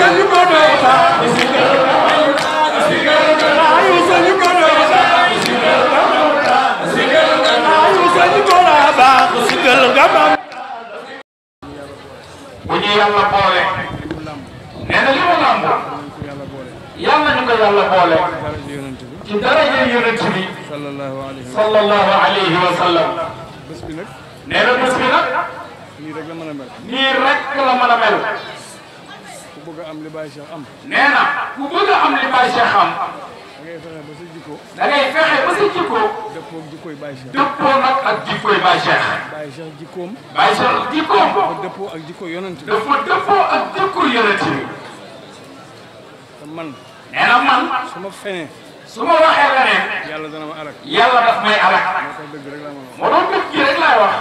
bu ñu yàlla boole nee na li ma làmb yàlla ñu ko yàlla boole ci daraja yonent bi sallallahu alayhi wa sallam nee na bés bi nag nii rek la mën a mel. bëgg a am li Baye Cheikh am. nee na ku bëgg a am li Baye Cheikh am. da ngay fexe ba sa jikko. da ngay fexe ba sa jikko. dëppoo jikkooy Baye Cheikh. dëppoo nag ak jikkooy Baye Cheikh. Baye Cheikh jikkoom. Baye Cheikh jikkoom. dafa dëppoo ak jikko yonent bi. dafa dëppoo ak jikko yonent bi. te man. nee na man. su ma fenee. su ma waxee leneen. yàlla dana ma alak. yàlla daf may alak. moo tax dëgg rek laa ma wax. moo tax dëgg rek laay wax.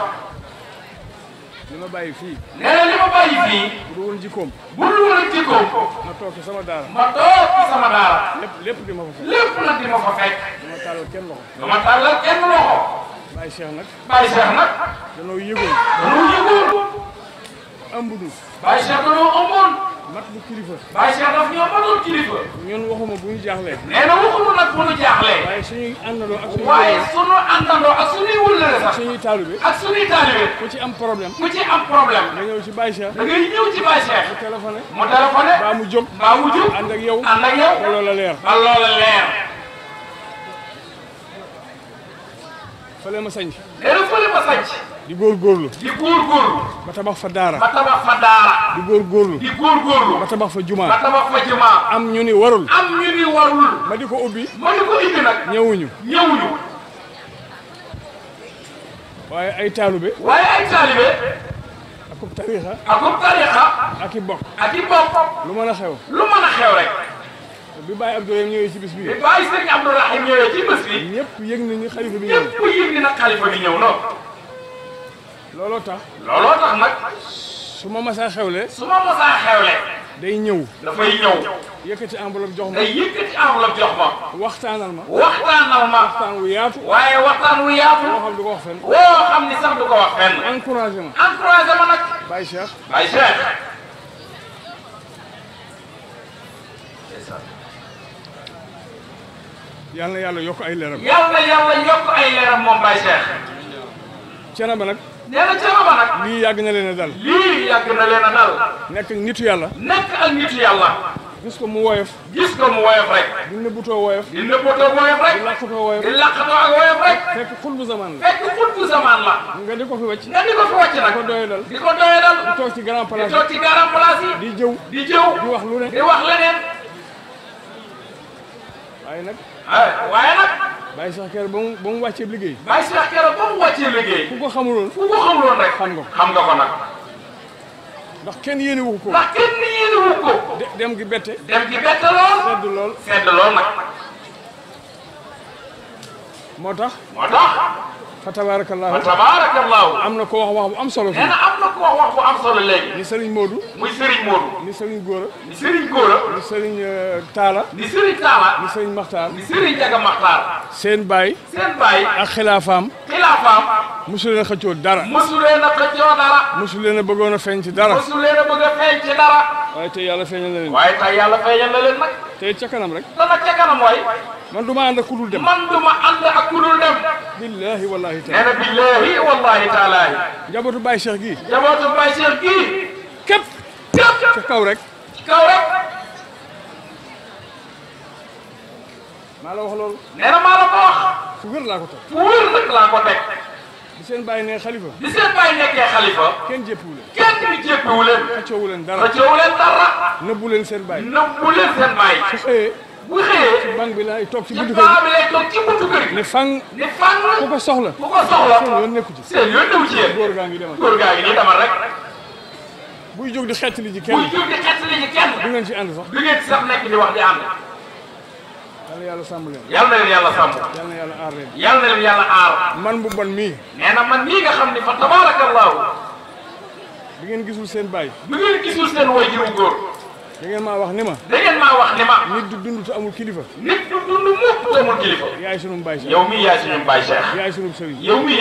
li ma bàyyi fii. nee na li ma bàyyi fii. bu dul jikkoom. bu dul jikkoom. ma toog sama daara. ma toog sama daara. lépp lépp di ma fa fekk. lépp nag di ma fa fekk. dama tàllal kenn loxo. dama tàllal kenn loxo. Baye Cheikh nag. Baye Cheikh nag. danoo yëgoon. danoo ëmb nu. Baye Cheikh dañoo ëmboon. mat bu kilifa. Baye Cheikh daf ñoo matul kilifa. ñun bu ñu jaaxlee. nee na waxuma nag bu ñu jaaxlee. waaye suñuy àndandoo ak suñuy. waaye suñu àndandoo ak suñuy wëllëre ak suñuy taalibe. ak ku ci am problème. ku ci am problème. nga ñëw ci Baye Cheikh. da ngay ñëw ci Baye Cheikh. mu téléphoné. mu mu jóg. mbaa mu jóg ànd ak yow. ànd ak yow ba loola leer. ma sañ. nee na ma sañ. di góorgóorlu di góorgóorlu ba tabax fa daara ba tabax fa daara di góorgóorlu di ba tabax fa jumaa ba tabax fa jumaa am ñu ni warul am ñu ni warul ma di ko ubbi ma di ko ubbi nag ñëwuñu ñëwuñu waaye ay taalibe waaye ay taalibe akub tariixa akub tariixa ak i bokk ak i bokk lu mën a xew lu mën a xew rek bi Baye Abdourahim ñëwee ci bis bi. bi yëg nañu xalifa xalifa bi ñëw noonu. looloo tax. looloo tax nag. su ma masaa xewle. su ma masaa xewle. day ñëw. dafay ñëw. yëkkati enveloppe jox ma. day yëkkati enveloppe jox ma. waxtaanal ma. waxtaanal ma. waxtaan wu yaatu. waaye waxtaan wu yaatu. woo xam ni sax du ko wax fenn. encouragé ma. encouragé ma nag. Baye Cheikh. Baye Cheikh. yàlla yokk ay leeram. yal yàlla yokk ay leeram moom Baye Cheikh. cërë nag. nee na Thierno a nag. lii yàgg na leen a dal. lii yàgg na leen a dal. nekk ak nitu yàlla. nekk ak nitu yàlla. gis ko mu woyof. gis ko mu woyof rek. di nëbbutoo woyof. di nëbbutoo woyof rek. di làqatoo woyof. di làqatoo ak woyof rek. fekk xul zamaan la. fekk xul bu zamaan la. nga di ko fi wàcc. nga di ko fi wàcc nag. di ko doyalal. di ko di toog ci grand place yi. di toog jëw. di jëw. di wax lu ne. di wax leneen. waaye nag. Ah, waaye nag. Baye Cheikh Kero ba mu ba mu wàccee liggéey. Baye Cheikh Kero ba mu wàccee liggéey. ku ko xamuloon ku ko xamuloon rek. xam nga ko xam nga ko nag. ndax kenn yéene wu ko. ndax kenn yéene wu ko. dem gi bette. dem gi bette lool. sedd lool sedd lool nag. moo tax moo tax. fa tabaarakallaahu fa tabaarakallaahu am na ko wax wax bu am solo nee na am na ko wax wax bu am solo léegi ni Serigne Modou muy Serigne Modou ni Serigne Gora ni Serigne Gora ni Serigne euh, Taala ni Serigne Taala ni Serigne Maxtaar ni Serigne Jaga Maxtaar seen baay seen baay ak xilaafaam xilaafaam mosu leen a xëccoo dara mosu leen a xëccoo dara mosu leen a bëggoon a feeñ ci dara mosu leen a waaye tey yàlla feeñal na leen waaye tey yàlla feeñal rek man du ma ànd ak ku dul dem. man du ma ànd ak ku dul dem. billahi wallahi taala. nee na billahi wallahi taala. njabootu Baye Cheikh gii. njabootu Baye Cheikh gii. képp. képp ca kaw rek. kaw rek. maa la wax loolu. nee na maa la ko wax. fu wér laa ko teg. fu wér nag laa ko teg. bi seen bàyyi nee xalifa. bi seen bàyyi nekkee xalifa. kenn jéppiwu leen. kenn bi jéppiwu leen. xëccoowu leen dara. xëccoowu leen dara. nëbbu leen seen bàyyi. nëbbu leen seen bàyyi. su xëyee. bu xëyee. ci banque bi laay toog ci buntu kër gi lay toog ci buntu kër gi. ne fang. ne fang ku ko soxla. ku ko soxla seen yoon nekku ci. seen yoon nekku ci yéen. góor gaa ngi demal góor gaa ngi nii demal rek. buy jóg di xett li ji kenn. buy jóg di xett li ji kenn. du ngeen ci ànd sax. du ngeen ci sax nekk di wax di ànd. yàlla yàlla sàmm leen. yàlla na leen yàlla sàmm. yàlla na yàlla aar leen. yàlla na leen yàlla aar. man bu bon mii. nee na man mii nga xam ne fa tabaarakallahu. bi ngeen gisul seen bàyyi. bi ngeen gisul seen waajur góor da ngeen maa wax ni ma. wax ni ma. nit du dund te amul kilifa. nit du dund mukk te amul kilifa. yaay sunu mbaay Cheikh yow mii yaay sunu mbaay Cheikh. yaay sunu sëriñ yow mii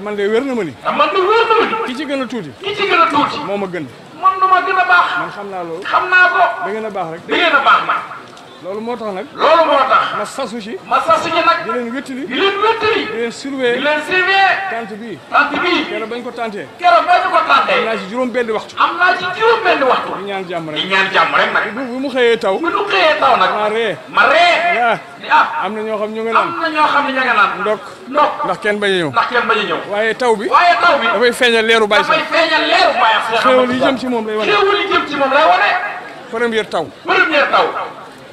man de wér na ma ni. te man na ma ki ci gën a tuuti. ki ci gën a tuuti. moo ma gën. man du ma gën a baax. man xam naa loolu. xam na ko. ngeen a baax rek. da ngeen baax man. loolu moo tax nag loolu moo tax ma sasu ci ma sasu ci nag di leen wéttali di leen wéttali di leen surveiller di leen surveiller bañ ko tantee keroog bañ ko tantee am naa ci juróom benn waxtu am naa ci juróom benn di ñaan jàmm rek di ñaan jàmm rek nag bu mu xëyee taw bu mu xëyee ma ree am na ñoo xam ñu ngi naan ñoo xam ne ña naan ndok ndok ndax kenn bañ a ñëw ndax kenn bañ waaye taw bi waaye taw bi a feeñal leeru bàyyi sax dafay feeñal leeru bàyyi sax xéewal yi jëm ci moom lay wane xéewal yi jëm ci moom lay wane première taw première taw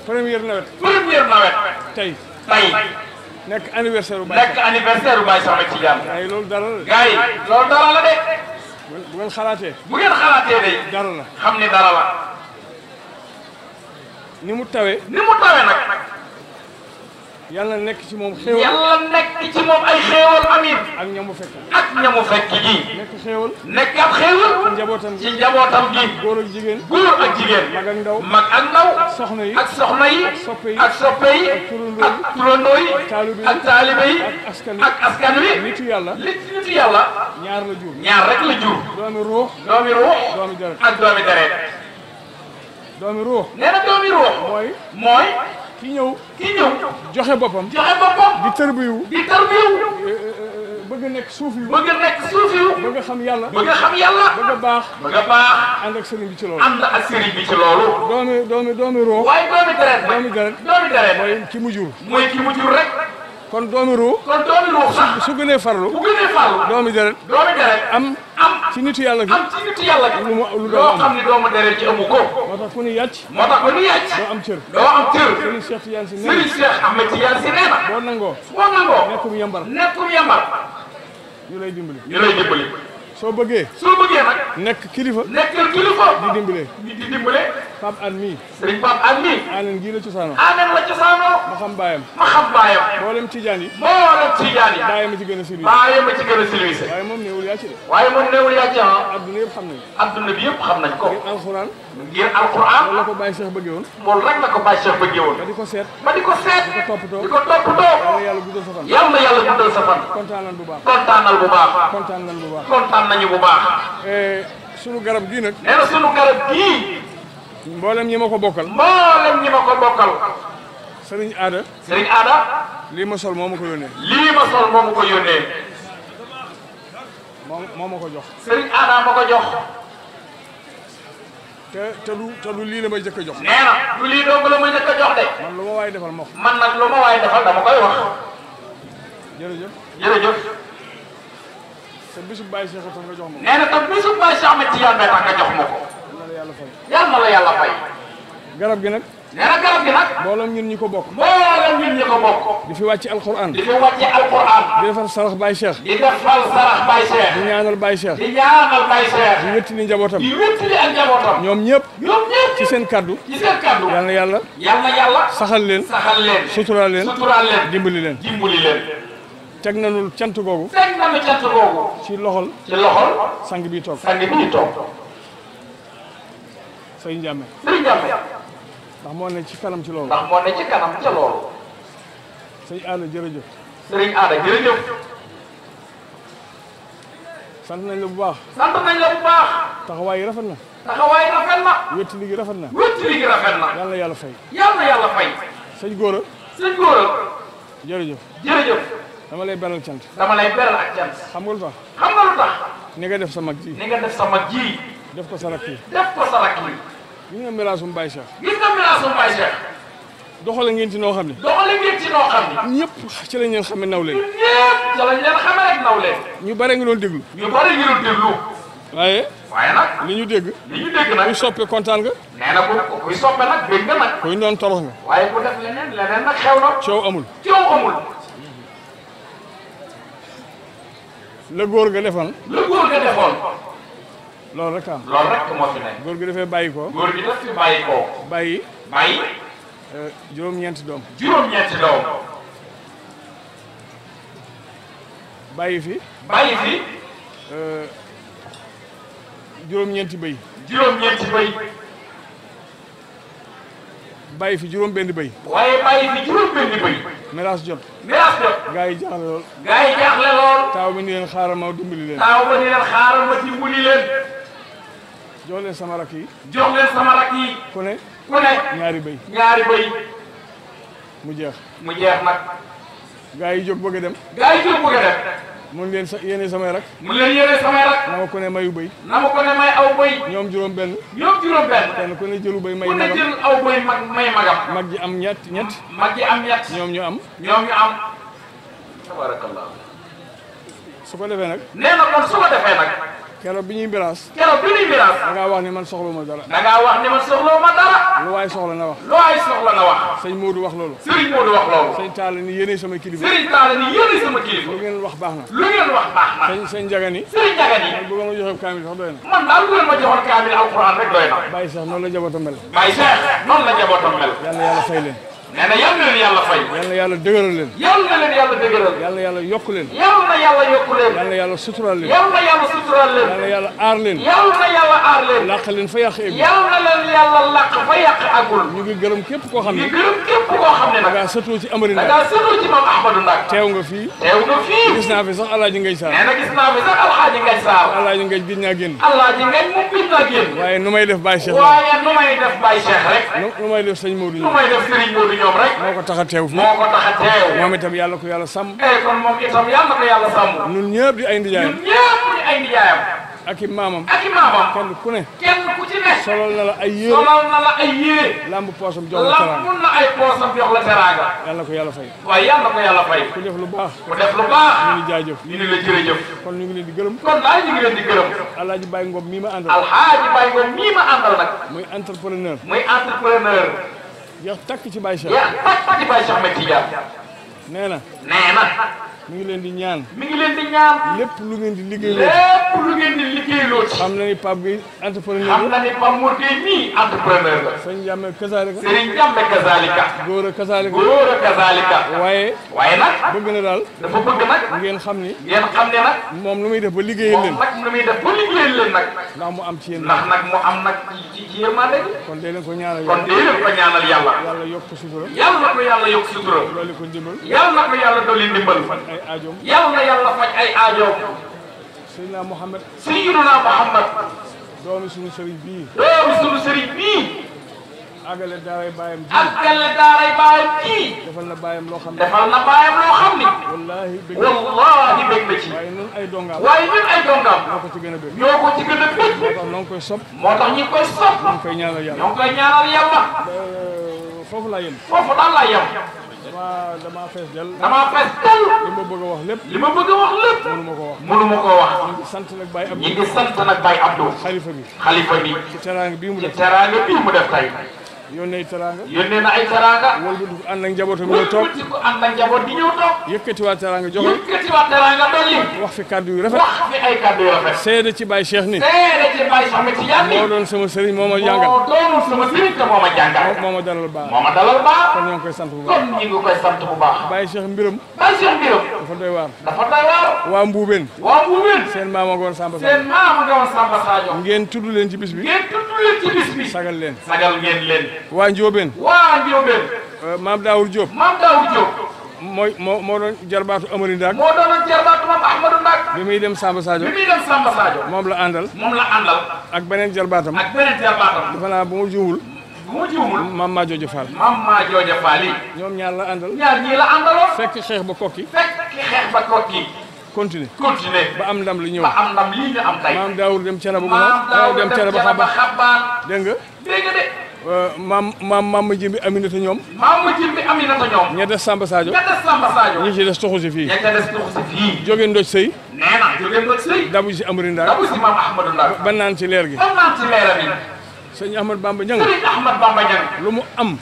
première nawet. première nawet. tey tey. nekk anniversaire bu nekk anniversaire bu Baye Soxna Tidiane. gars yi loolu dara la de. gars yi loolu dara la de. bu ngeen xalaatee. bu ngeen xalaatee de. dara la xam ne dara la. ni mu tawee. ni mu tawee nag. yàlla nekk ci moom xéewal yàlla ci moom ay xéewal amiin ak ñamu fekk ak ñamu fekk ji nekk xéewal nekk ab xéewal ci njabootam ci njabootam gi jigéen góor ak jigéen mag ak ndaw ak ndaw soxna yi ak soxna yi ak soppe yi ak soppe yi ak turandoo yi ak taalibe yi ak askan wi nitu yàlla nitu yàlla ñaar la jur ñaar rek ruux doomi ruux ruux nee na ruux ki ñëw ki ñëw joxe boppam joxe boppam di tërbiyu di tërbiyu eh, eh, eh, bëgg nekk suuf yu bëgg nekk suuf yu bëgg xam yàlla bëgg xam yàlla bëgg baax bëgg baax ànd ak sëriñ bi ci loolu ànd ak sëriñ bi ci loolu doomi doomi doomi roo waaye doomi deret doomi deret doomi deret mooy ki mu jur mooy ki mu jur rek kon doomi ruux. su gënee far bu gënee doomi deret. am. am ci nitu yàlla gi. am ci nitu yàlla gi. am ne doomu deret ci amu ko. moo tax yàcc. moo tax ku ni yàcc. doo am cër. doo am cër. Serigne na. Serigne Cheikh Ahmed Tidiane Sy nee na. boo nangoo. boo nangoo. nekkum yambar. nekkum yambar. ñu lay dimbali. soo bëggee. soo bëggee nag. nekk kilifa. nekk kilifa. di dimbale. di dimbale. Pape Hann mii. sëriñ Pape Hann mii. Aaneen gii la cosaanoo. Aaneen la ma xam baayam. ma xam baayam. mboolem Tijaan yi. mboolem Tijaan yi. baayam a ci gën a silwise. baayam a ci gën a silwise. waaye moom néewul yaa ci de. waaye moom néewul ah. yëpp xam nañ. ko. ngir alxuraan. ngir alquran loolu la ko Baye Cheikh bëggee woon moom rek la ko Baye Cheikh bëggee woon ba di ko seet ba di ko seet di ko toppatoo di ko toppatoo yàlla guddal sa fan yàlla yàlla guddal sa fan kontaan nañ bu baax kontaanal bu baax kontaan nañ bu baax kontaan nañu bu baax eh, sunu garab gii nag nee na sunu garab gii mboolem ñi ma ko bokkal mboolem ñi ma ko bokkal sëriñ aada sëriñ aada lii ma sol moo ma ko yónnee lii ma sol moo ma ko yónnee moo moo ma ko jox sëriñ aada ma ko jox te te lu lii la may jëkk a jox. nee lu lii dong la may jëkk a jox de. man lu ma waay defal ma man nag lu ma waay defal dama koy wax. jërëjëf jërëjëf. te bisu Baye Cheikh tax nga jox ma ko. nee na te bisu Baye Cheikh Ahmed Tidiane tax nga jox ma ko. yàlla na la yàlla fay. yàlla na la yàlla fay. garab gi nag nee na garab gi ñun ñi ko bokk mbooloom di fi wàcc alquran di fi wàcc alquran di defar sarax Baye Cheikh di defar sarax Baye Cheikh di ñaanal Baye Cheikh di ñaanal njabootam ñoom ñëpp ci seen kaddu ci na yàlla yal yàlla saxal leen saxal leen suturaal leen suturaal leen dimbali leen dimbali leen teg nañu cant googu teg nañu cant googu loxol ci loxol sang bi toog sang bi toog ndax moo ne ci kanam ci loolu. ndax moo ne ci kanam ca jërëjëf. sëriñ Aada sant nañ la bu baax. sant nañ la bu baax. yi rafet na. taxawaay yi rafet wetti liggéey rafet na. wetti liggéey na. yàlla yàlla fay. yàlla yàlla fay. sëñ Gora. sëñ Gora. jërëjëf. dama lay beral cant. dama lay beral ak cant. tax. xam tax. ni nga def sa mag ji. ni nga def ji. def ko sa rakk yi. def ko sa rakk yi. gis nga miraasum Baye gërëm naa sama baay Cheikh. doxale ngeen ci noo xam ne. doxale ngeen ci xam ne. ñëpp ci lañ leen xamee ñu bare ngi doon déglu. ñu bare ngi doon déglu. waaye. waaye nag li ñu dégg. li ñu dégg nag kuy soppe kontaan nga. ku soppe nag dégg nga nag. kuy noon torox nga. waaye ku def leneen nag xew na. coow amul coow amul. la góor nga defoon. la góor nga defoon. loolu rek am góor gi dafay bàyyi ko. góor gi daf fi bàyyi ko. bàyyi. Euh, juróom-ñeenti doom. bàyyi fi. bàyyi fi. Euh, juróom-ñeenti bëy. bàyyi fi juróom-benn bëy. waaye bàyyi fi juróom-benn bëy. miraas jot. miraas jot. lool. gaa yi lool. taaw bi ni leen xaaral ma dimbali leen. jox leen sama rakk yi. jox leen sama rakk yi. ku ne. ñaari béy. ñaari béy. mu jeex. mu jeex nag. gaa yi jóg bëgg dem. gaa yi jóg bëgg dem. mun ngeen sa yéene samay rak. mun leen yéene samay rak. na ma mayu béy. na ma may aw béy. ñoom juróom benn. ñoom juróom benn. ku ne jëlu béy may magam ku ne mag may ji am ñett ñett. mag ji am ñett. ñoom ñu am. ñoom ñu am. su ko defee nag. nee na kon su ko defee nag. keroog bi ñuy biraas keroog bi ñuy biraas da ngaa wax ne man soxla ma dara da ngaa wax ne man soxla ma dara lu waay soxla na wax lu waay soxla na wax sëñ Modou wax loolu sëñ Modou wax loolu sëñ Talla ni yéenay sama kilifa sëñ Talla ni yéenay sama kilifa lu ngeen wax baax na lu ngeen wax baax na sëñ sëñ Njaga ni sëñ Njaga ni man bëggoon ma joxee kaamil sax doy na man daal bëggoon ma joxoon kaamil alxuraan rek doy na bàyyi sax noonu la jabootam mel bàyyi sax noonu la jabootam mel yàlla yàlla fay leen nee na yal na leen yàlla fay. yal na yàlla dëgëral leen. yal na leen yàlla dëgëral. yal na yàlla yokk leen. yal na yàlla yokk leen. yal na yàlla suturaal leen. yal na yàlla suturaal leen. yal na yàlla aar leen. yal na yàlla aar leen. làq leen fa yàq eggul. yal na leen yàlla làq fa yàq agul. ñu ngi gërëm képp koo xam ne. ñu ngi gërëm képp koo xam ne nag. da ngaa sëtoo ci Amari Ndak. da ngaa sëtoo ci maam Ahmadou Ndak. teew nga fii. teew nga fii. gis naa fi sax Alaaji Ngay Saar. nee na gis naa fi sax Alaaji Ngay Saar. Alaaji Ngay gis naa génn. Alaaji Ngay mu gis naa génn. waaye nu may def Baye Cheikh. waaye nu may def Baye Cheikh rek. nu may def sëñ Maodo. nu may def Serigne Maodo ñoom rek. moo ko tax a teew moo ko tax a teew. yàlla ko yàlla sàmm. Eh, kon moom itam ko yàlla sàmm. ñun ñëpp di ay ndijaayam ñun ñëpp i maamam ak i maamam kenn ku solol na ay yére lamb poosam jox la teraanga lamb la ko yàlla fay. waaye yàlla ko yàlla fay. ku def lu baax. ku def lu baax. ñu ngi jaajëf ñu ngi la jërëjëf. kon ñu ngi di gërëm. kon daal ñu ngi leen di gërëm. alaaji Baye Ngom mii ma àndal. muy entrepreneur. muy entrepreneur. jeex takk ci Baye Cheikh. nee na. nee na. mi ngi leen di ñaan. mi lépp lu ngeen di liggéeyloo. lépp lu ngeen di liggéeyloo ci. xam na ni Pape Gueye entrepreneur la. xam na ni Góor a Kazaalika. waaye. waaye nag. bëgg na daal. dafa bëgg nag. ngeen xam ni. xam moom lu muy def ba liggéeyal leen. nag lu mu am ci yéen. ndax nag am nag kon dee leen ko ñaanal yàlla. kon dee leen ko ñaanal yàlla. yàlla yokk sutura. yàlla ko yàlla yokk sutura. dooli ko ndimbal. yàlla ko yàlla dooli ndimbal ay aajoom. yal na yàlla faj ay aajoom. Seydina Mohamed. Seydina Mohamed. doomi sunu sëriñ bii. doomi sunu sëriñ bii. àggale daaray baayam ji. àggale daaray baayam ji. defal na baayam loo xam ne. defal na baayam loo xam ne. wallaahi bëgg na ci wallaahi bëgg na ci. waaye ñun ay dongaam. waaye ñun ay dongaam. ñoo ko ci gën a bëgg. ñoo ko ci gën a bëgg. moo tax ñoo ngi koy sopp. moo tax ñu koy sopp. ñoo ngi koy ñaanal yàlla. ñoo ngi koy ñaanal yàlla. foofu laa yem. foofu daal laa yem. damaa damaa fees del damaa fees del li ma bëgg a wax lépp li ma bëgg a wax lépp mënu ma ko wax mënu ma koo wax ñu ngi sant nag Baye Abdou ñu ngi sant nag Baye Abdou xalifa bi xalifa bi ci teraanga bii mu def teraanga bii mu def tey yónnee teraanga yónnee na ay teraanga wëlbati ko ànd ak njabootam ñëw wax fi kàddu yu rafet seede ci Baye Cheikh ni seede ci moo doon sama sëriñ moo ma jàngal moo doon sama moo ma jàngal moo ma dalal baax moo ma dalal baax koy sant bu baax kon ñu ngi koy sant waa Mbuubeen waa Mbuubeen seen maama nga woon Samba seen maama nga leen ci bis bi leen sagal leen leen waa Ndiobène. waa Ndiobène. Euh, maam Daour Diop. maam Daour Diop. mooy moo moo doon jarbaatu Amari Ndak. bi muy dem Samba Sadio. bi muy dem Samba Sadio. moom la àndal. moom ak beneen jarbaatam. ak beneen bu ma juumul. bu ma juumul maam maa jooja Fall. maam maa jooja Fall ñoom ñaar la àndal. fekk xeex ba kokki. fekk xeex ba kokki. continuer ba am ndam lu ñëw. ba am ndam lii am tey. maam Daour dem Thiénaba. maam Daour dem Thiénaba xabaan. dégg nga. dégg nga de. Euh, maam maam maam ma jimbi aminata ñoom. maam ma jimbi aminata ñoom. ña Samba Sadio. ña Samba Sadio. ñi ndoj sëy. dabu si Amary Ndaak. dabu naan ci leer gi. ba naan ci Bamba Ñang. lu mu am.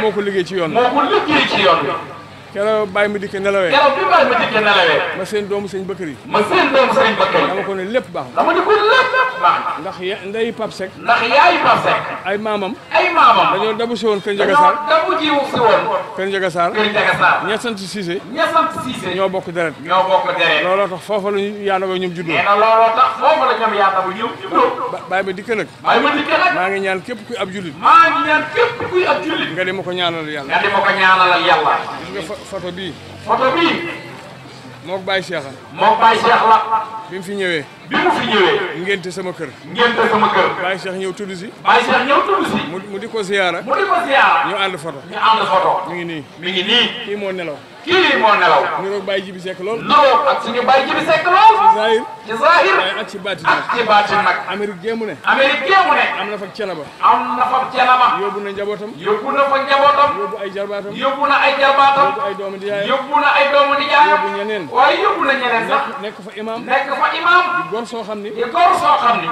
moo ko liggéey ci yoon ci yoon keroog bàyyi ma dikkee nelawee keroog ma doomu sëñ Bakary ma seen lépp baax na dama ndax ya nday Pape maamam ay dañoo dabu woon Kër Ndiaga Sarr dabu ji si ñoo bokk deret ñoo bokk deret looloo tax foofa la ñu ñoom juddoo nee ma dikkee nag maa ngi ñaan képp kuy ab jullit nga di ma ko ñaanal photo bii. photo bii. mook Baye Cheikh la. mook Baye Cheikh la. bi mu fi ñëwee. bi mu fi ñëwee. ngénte sama kër. ngénte sama kër. Baye Cheikh ñëw tudd si. Baye Cheikh ñëw mu di ziyaara. mu di ko ziyaara. ñu ànd mu ngi nii. mi ngi nii. kii moo nelaw. kii moo nelaw. nuroog bàyyi jibi sekk lool. nuroog ak suñu bàyyi jibi sekk lool. ci zahir. ci ak ci baatin nag. Amérique géemu ne. Amérique géemu ne. am na fa cena ba. am na cena ba. yóbbu na njabootam. yóbbu na fa njabootam. yóbbu na ay jarbaatam. yóbbu ay na ay doomu diyaayam. yóbbu ñeneen. waaye na ñeneen sax. nekk fa imam. nekk fa imam. di gor xam ni. di gor soo xam ni.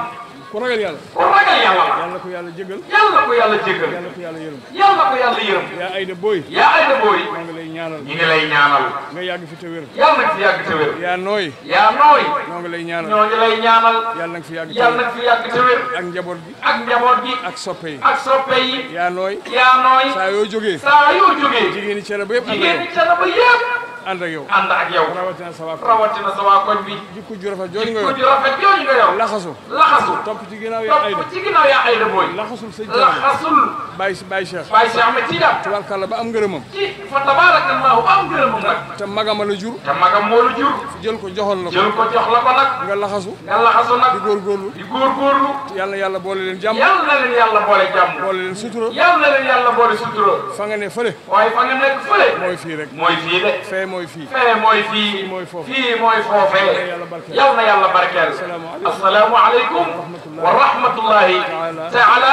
ku ragal yàlla ku ragal yàlla la yàlla ko yàlla jégal yàlla ko yàlla jégal yàlla ko yàlla yërëm yàlla ko yàlla yërëm yaa ayda booy yaa ayda booy ñu ngi lay ñaanal ñu ngi lay ñaanal nga yàgg fi te wér yàlla nag fi yàgg te wér yaa nooy yaa nooy ñoo ngi lay ñaanal ñoo ngi lay ñaanal yàlla nag fi yàgg yàlla nag fi yàgg te wér ak njaboot bi ak njaboot bi ak soppe yi ak soppe yi yaa nooy yaa nooy saa yoo jógee saa yoo jógee jigéen ñi cere ba yëpp jigéen ñi cere ba yëpp ànd ak yow ànd ak yow rawatina sa waa rawatina sa waa koñ bi jikko ju rafet jooju nga yor jikko ju rafet jooju nga yor laxasu laxasu topp ci ginnaaw yaa ayda topp ci ginnaaw yaa ayda mooy laxasul sëñ laxasul bàyyi si bàyyi cheikh bàyyi cheikh ma tiida tubaarkàlla ba am ngërëmam ci fa tabaarakallaahu am ngërëmam nag te magama la jur te magam moo la jur jël ko joxal la ko jël ko jox la ko nag nga laxasu nga laxasu nag di góorgóorlu di góorgóorlu yàlla yàlla boole leen jàmm yàlla na leen yàlla boole jàmm boole leen sutura yàlla na leen yàlla boole sutura fa nga ne fële waaye fa nga nekk fële mooy fii rek mooy fii de mooy fii fee mooy fii fii mooy foofee yal na yàlla barkeel asalaamu aleykum wa rahmatullahi taala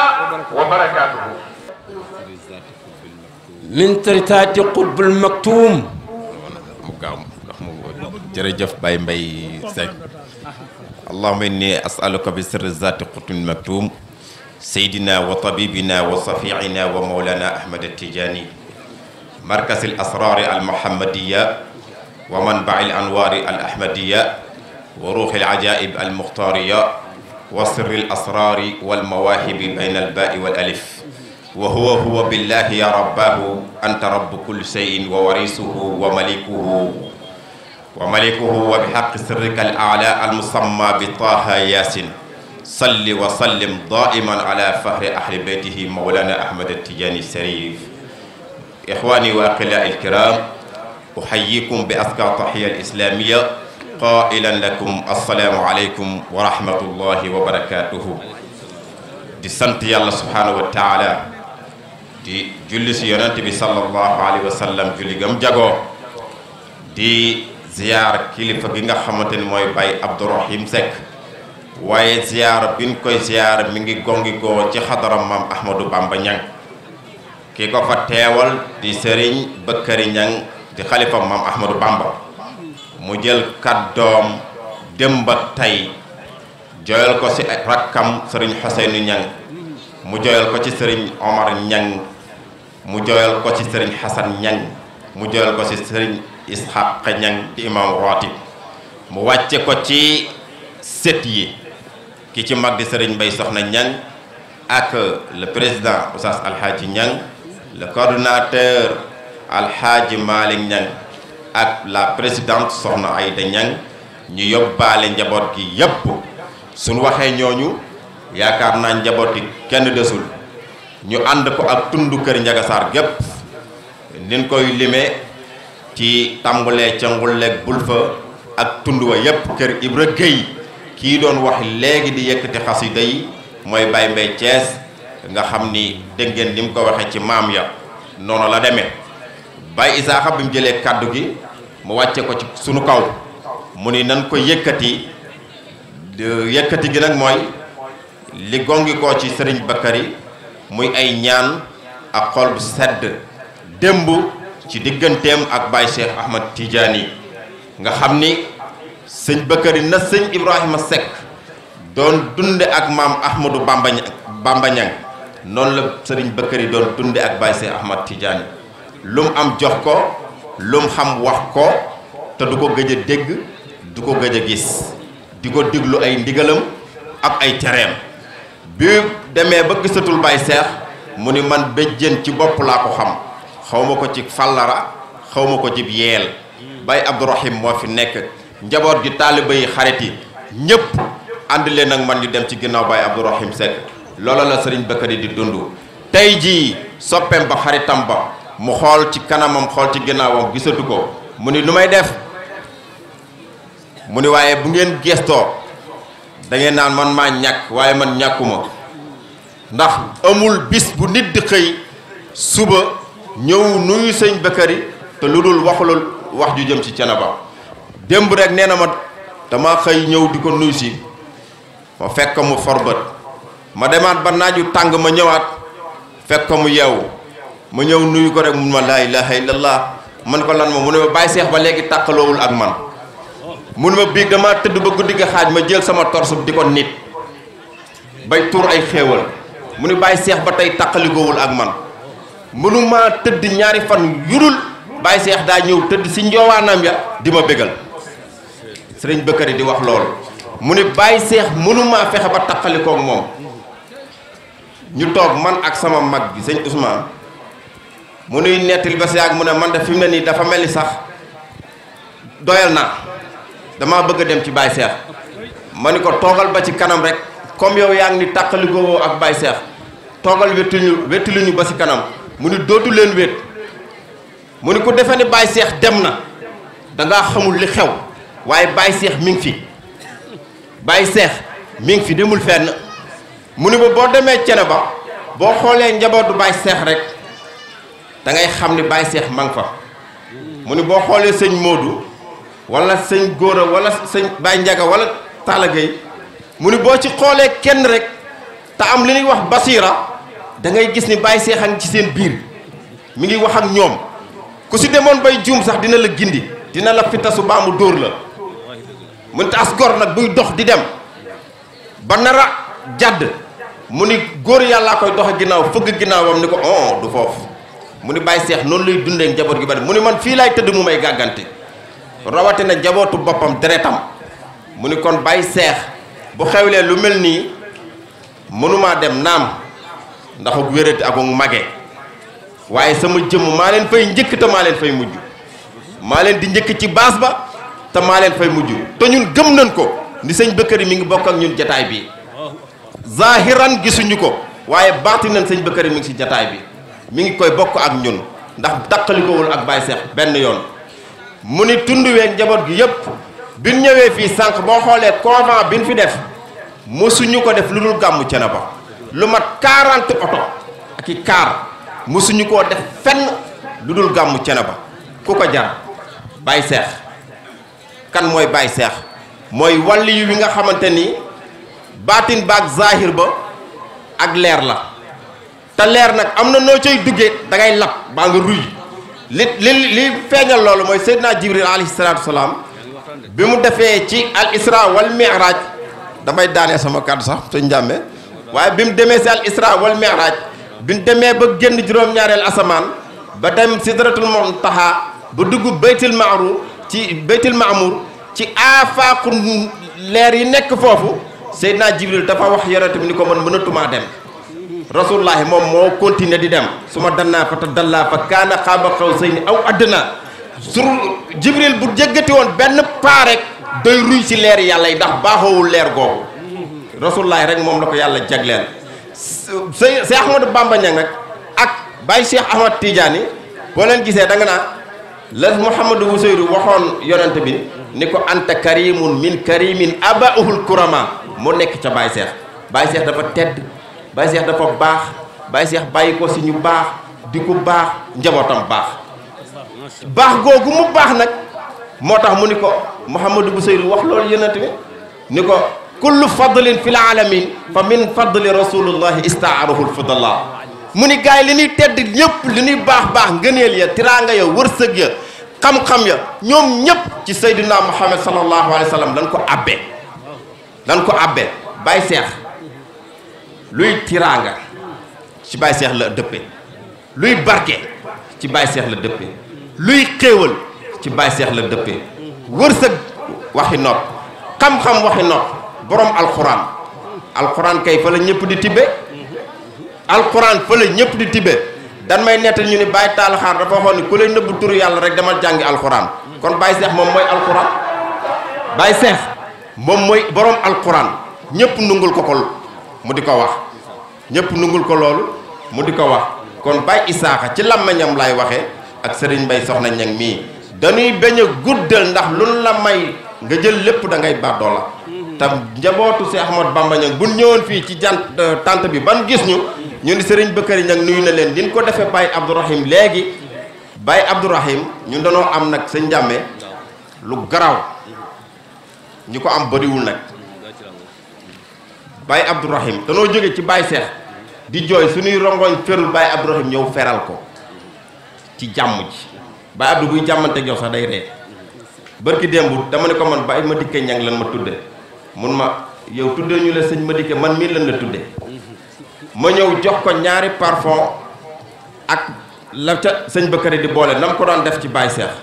wa barakaatuhu min tritaati qutbul maktuum mu gaaw ndax mu jërëjëf Baye Mbaye Seck allahuma inni asaluka bi sirri zaati qutbul maktuum saydina wa tabibina wa safiina wa mawlana ahmad tijani markasil asraari al muhammadiya wa manbail anwaari al ahmadiya wa ruuxil ajaa'ib al muxtaariya wa sirril asraari wal mawaahibi bayna al baa'i wal alif wa huwa huwa billahi ya rabbaahu anta rabbu kulli shay'in wa warisuhu wa malikuhu wa malikuhu wa bixaqi sirrika al a'laa al musamma bi taaha yaasin salli wa sallim daa'iman ala fahri ahli baytihi mawlana ahmad at-tijaani sharif ixwaani wa aqilaa ilkiram uxayikum bi aska taxiya alislamiya qailan lakum assalaamu aleykum wa rahmatullahi wa barakatuhu di sant yàlla subhaanahu wa taala di julli si bi sallallahu alayhi wa sallam julli gam jagoo di ziyaar kilifa gi nga xamante ni mooy Baye Abdourahim Seck waaye ziyaar biñ koy ziyaar mi ngi gongi koo ci xadaram maam Ahmadou Bamba Niang ki ko fa teewal di sëriñ Bëkkëri Ñang di xalifam maam Ahmadou Bamba mu jël kàddoom démb ak tey jooyal ko ci rakkam sëriñ Xoseynu Ñang mu jooyal ko ci sëriñ Omar Ñang mu jooyal ko ci sëriñ Xasan Ñang mu jooyal ko ci sëriñ Isxaq Ñang di imam rootib mu wàcce ko ci sët yi ki ci mag di sëriñ Mbay Soxna Ñang ak le président Oustaz Alxaaji Ñang le coordonnateur Alhaji Malick Niang ak la présidente Soxna Aïda Niang ñu yóbbaale njaboot gi yépp suñ waxee ñooñu yaakaar naa njaboot gi kenn desul ñu ànd ko ak tund kër njagasaar gépp nin koy lime ci tàmbulee ca ngulleeg bul fa ak tund wa yépp kër Ibra Gueye kii doon wax léegi di yëkkati xasida yi mooy Baye Mbaye cees nga xam ni dégg ngeen mu ko waxe ci maam ya noonu la demee Baye Isaaxa bi mu jëlee kàddu gi mu wàcce ko ci sunu kaw mu ni nan ko yëkkati yëkkati gi nag mooy li gongi ko ci sëriñ Bakari muy ay ñaan ak xol bu sedd démb ci digganteem ak Baye Cheikh Ahmad Tidiane yi nga xam ni sëñ Bakari na sëñ Ibrahima Seck doon dunde ak maam Ahmadou Bamba Bamba noonu la sëriñ Bakary doon dunde ak Baye Cheikh Ahmad Tidiane lu mu am jox ko lu mu xam wax ko te du ko gëj a dégg du ko gëj a gis di ko diglu ay ndigalam ak ay tereem bi demee ba gisatul Baye Cheikh mu ni man béjjén ci bopp laa ko xam xaw ko ci fallara xaw ma ko ci yeel Baye Abdourahim moo fi nekk njaboot gi taaliba yi xarit yi ñëpp ànd leen ak man ñu dem ci ginnaaw Baye Abdourahim Seck loola la sëriñ Bakari di dund tey jii soppeem ba xaritam ba mu xool ci kanamam xool ci ginnaawam gisatu ko mu ne lu may def mu ni waaye bu ngeen geestoo da ngeen naan man maa ñàkk waaye man ñàkkuma ndax amul bis bu nit di xëy suba ñëw nuyu sëñ Bakari te lu dul waxulul wax ju jëm ci Thiénaba démb rek nee na ma dama xëy ñëw di ko nuyu si ma fekk mu forbët ma demaat ba naaju tàng ma ñëwaat fekk ko mu yeewu ma ñëw nuyu ko rek mun ma laa ilaha illallah man ko lan ma mu ne ma bàyyi seex ba léegi tàqaloowul ak man mu ne ma biig dama tëdd ba xaaj ma jël sama torsu di ko nit bay tuur ay xéewal mu ne bàyyi seex ba tey tàqalikoowul ak man mënuma tëdd ñaari fan yurul bàyyi seex daa ñëw tëdd si njoowaanam ya di ma bégal sëriñ Bëkkëri di wax loolu mu ne bàyyi seex mënuma fexe ba tàqalikoog moom ñu toog man ak sama mag bi sëñ Ousmane mu nuy nettali ba si ak mu ne man def fi mu ne nii dafa mel ni sax doyal naa dama bëgg a dem ci Baye Cheikh ma ni ko toogal ba ci kanam rek comme yow yaa ngi ni tàqaligoo ak Baye Cheikh toogal wettuñu wettuliñu ba ci kanam mu ni dootu leen wét mu ni ko defe ni Baye seex dem na da xamul li xew waaye Baye seex mi ngi fi Baye Cheikh mi ngi fi demul fenn mu ni ba boo demee cene ba boo xoolee njabootu baay Cheikh rek dangay xam ni baay seex ma nga fa mu ni boo xoolee sëñ Modou walla sëñ Góora wala sëñ baay Ndiaga wala Talla mu ni boo ci xoolee kenn rek te am li ñuy wax Basira da ngay gis ni baay Cheikh a ngi ci seen biir mu ngi wax ak ñoom ku si demoon bay juum sax dina la gindi dina la fitasu baamu dóor la mu taas gor nag buy dox di dem ba nara jàdd mu ni góor yàllaa koy doxe ginnaaw fëgg ginnaawam ni ko on oh, du foofu mu ni bàyyi seex noonu lay dundee njaboot gi bari mu ni man fii laay tëdd mu may gàggante rawatina njabootu boppam deretam mu ni kon bàyyi seex bu xewlee lu mel nii mënumaa dem naam ndax ak wérati ak mage waaye sama jëmm maa leen fay njëkk te maa leen fay mujj maa leen di njëkk ci baas ba te maa leen fay mujj te ñun gëm nañ ko ni sëñ Bakary mi ngi bokk ak ñun jataay bi zahiran gisuñu ko waaye baatinan sëñ Bakary mi ngi ci jataay bi mi ngi koy bokk ak ñun ndax taqalikowul ak Baye Cheikh benn yoon mu ni tund wee njaboot gi yëpp bi ñëwee fii sànq boo xoolee convent bi ñu fi def mosuñu ko def lu dul gàmmu cena Thiénaba lu mat 40 oto ak i kaar mosuñu koo def fenn lu dul gàmmu ba ku ko jar Baye Cheikh kan mooy Baye Cheikh mooy wàll yi wi nga xamante ni baatin baag zahir ba ak leer la te leer nag am na noo coy duggee dangay ngay lab baa nga ruy li li li feeñal loolu mooy Seydina Jibril alayhi salaam bi mu defee ci al isra wal mi'raj damay daanee sama kàddu sax sëñ njàmme waaye bi mu demee si al isra wal mi'raj bi mu demee ba génn juróom-ñaareel asamaan ba dem sidratul muntaha ba dugg baytil ma'rur ci baytil ma'mur ci aafaaku leer yi nekk foofu Seydina Jibril dafa wax yonent bi ni ko mën mënatumaa dem rasulullahi moom moo continuer di dem su ma dannaa fa ta dallaa fa kaana xaaba xaw sëy ni aw àddina sur Jibril bu jéggati woon benn paa rek day ruy si leer yàlla yi ndax baaxoowul leer googu rasulullahi rek moom la ko yàlla jagleel sëy Seex Ahmadu Bamba Ñaŋ nag ak bàyyi Seex Ahmad Tijaani boo leen gisee da nga naa la Mouhamadou Bousseyrou waxoon yonent bi ni ko anta karimun min karimin aba'uhul kurama mu nekk ca Baye Cheikh Baye Cheikh dafa tedd Baye Cheikh dafa baax Baye Cheikh bàyyi ko si ñu baax di ko baax njabootam baax baax googu mu baax nag moo tax mu ni ko Mouhamadou Bousayri wax loolu yonent bi ni ko kullu fadlin fil alamin fa min fadli rasulullahi istaaruhul fudala mu ni gars li nuy tedd ñëpp li ñuy baax baax ngëneel ya tiraanga ya wërsëg ya xam-xam ya ñoom ñépp ci sayduna muhammad sallallahu alayhi wa sallam lan ko abbee lan ko abbee bàyyi seex luy tiraanga ci bàyyi seex la dëppe luy barke ci bàyyi seex la dëppe luy xéewal ci bàyyi seex la dëppe wërsëg waxi nopp xam-xam waxi nopp borom alxuraan alxuraan kay fa la ñëpp di tibbe alxuraan fa la ñëpp di tibbe dana may nettali ñu ne Baye Talla Xaar dafa waxoon ni ku lay nëbb turu yàlla rek dama jàngi alxuraan kon Baye Seex moom mooy alxuraan Baye Seex moom mooy boroom alxuraan ñëpp nungul ko ko mu di ko wax ñëpp nungul ko loolu mu di ko wax kon Baye Isaaxa ci làmmiñam laay waxee ak Serigne Mbaye soxna ñang mii dañuy bañ a guddal ndax luñ la may nga jël lépp da ngay bàddoo la te njabootu si Ahmad Bamba bu ñëwoon fii ci jant euh, tante bi ban gis ñu ñu ni Serigne Bakary Niang nuyu na leen din ko defee Baye Abdourahim léegi Baye Abdourahim ñun dañoo am nag sa njàmme lu garaaw ñu ko am bëriwul nag Baye Abdourahim danoo jóge ci Baye Seex di jooy suñuy rongoñ ferul Baye Abdourahim ñëw feral ko ci jàmm ji Baye Abdou buy jàmmante yow sax day ree bërki démb dama ne ko man Baye ma dikkee ñang lan ma tudde mun ma yow tuddee ñu la sëñ Madické man mii lan la tudde ma ñëw jox ko ñaari parfum ak la ca sëñ Bakary di boole nam ko daan def ci Baye Cheikh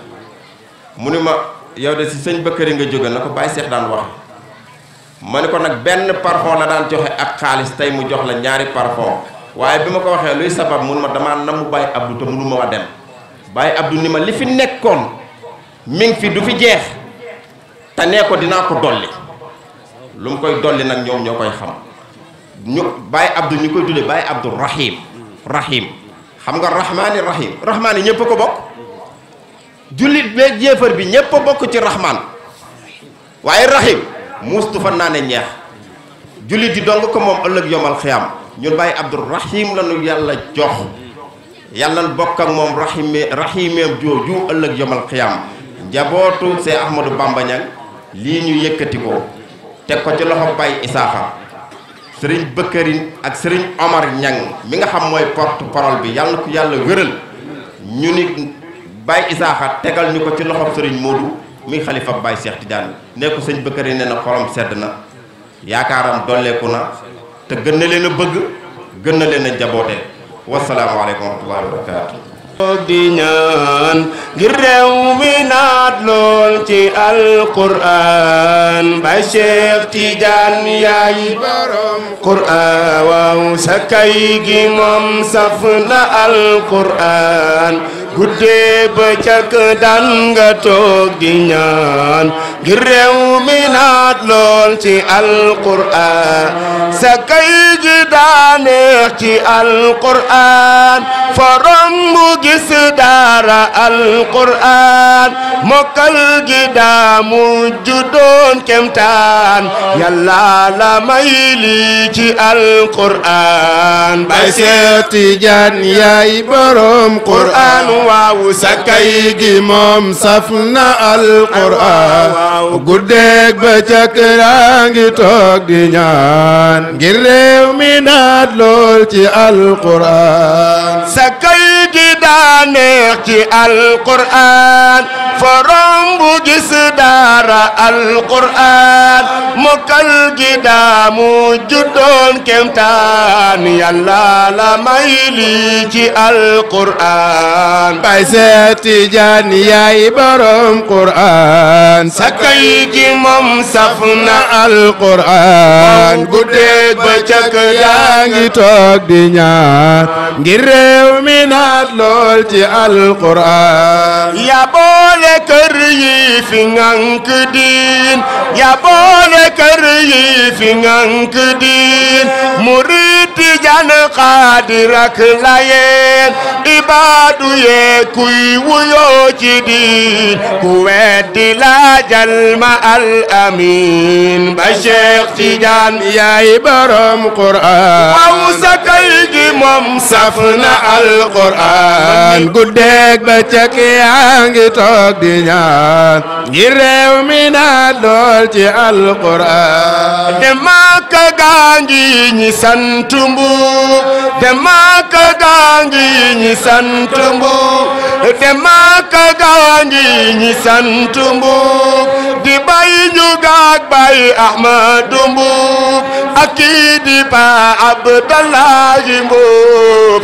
mu ni ma yow de si sëñ Bakary nga jóge na ko Baye Cheikh daan waxe ma ne ko nag benn parfum la daan joxe ak xaalis tey mu jox la ñaari parfum waaye bi ma ko waxee luy sabab mun ma damaa namu Baye Abdou te mënu ma wa dem Baye Abdou ni ma li fi nekkoon mi ngi fi du fi jeex te nee ko dinaa ko dolli lu mu koy dolli nag ñoom ñoo koy xam ñu bàyyi abdu ñu koy tuddee bàyyi abdu rahim rahim xam nga rahmaani rahim rahmaani ñëpp a ko bokk jullit beeg jéefar bi ñëpp a bokk ci rahmaan waaye rahim mustufa naa ne ñeex jullit yi dong ko moom ëllëg yomal xiyam ñun bàyyi abdu rahim lañu yàlla jox yàlla na bokk ak moom rahime rahimeem jooju ëllëg yomal xiyam njabootu see Ahmadou Bamba Niang lii ñu yëkkati ko teg ko ci loxo Baye Isaaxa sëriñ Bëkkërin ak sëriñ Omar Ñang mi nga xam mooy port parole bi yàlla ko yàlla wéral ñu ni Baye Isaaxa tegal ñu ko ci loxo sëriñ Moodu mi xalifa Baye Cheikh Tidiane ne nekku sëñ Bëkkërin ne na xolam sedd na yaakaaram dolleeku na te gën na leen bëgg gën na leen a jaboote wasalaamualeykum wa rahmatullahi wa di ñaan ngir réew naat lool ci alquran bay Cheikh Tidiane yaay borom quran waaw sa kay gi moom saf na alquran guddee bëccëg daan nga toog di ñaan mi naat lool ci alquran sa kay gi daaneex ci alquran forom bu gis daara alquran mokkal gi daa mujj kemtaan yàlla la may lii ci alquran bay seeti jaan yaay borom quranu waa sa kay gi moom saf na alquran guddeeg ba cakraa ngi toog di ñaan ngir réew mi naat lool ci alquran sa kay gi neex ci alquran forom bu gis daara alquran mokkal gi daamu juddoon kemtaan yàlla la may lii ci alquran bay seeti jaan yaay borom quran sakay gi moom saf na alquran guddeeg bëccëg yaa ngi toog di ñaan ngir réew mi naat lool ci alquran yaa boole kër yi fi ngank diin yaa boole kër yi fi ngank diin murid tijaan xaadir ak layeen ibaadu yee kuy wuyoo ci diin ku weddi laajal ma al amiin ba Cheikh Tijaan yaay borom Qur'an aw sa gi moom saf al Qur'an guddeeg ba cëkk toog di ñaan ngir réew mi naa lool ci al Qur'an de Makka gaa mbu de maka gangi ñi sant mbu de maka gangi ñi sant mbu di bay ñu bay ahmadu mbu ak di ba abdallahi mbu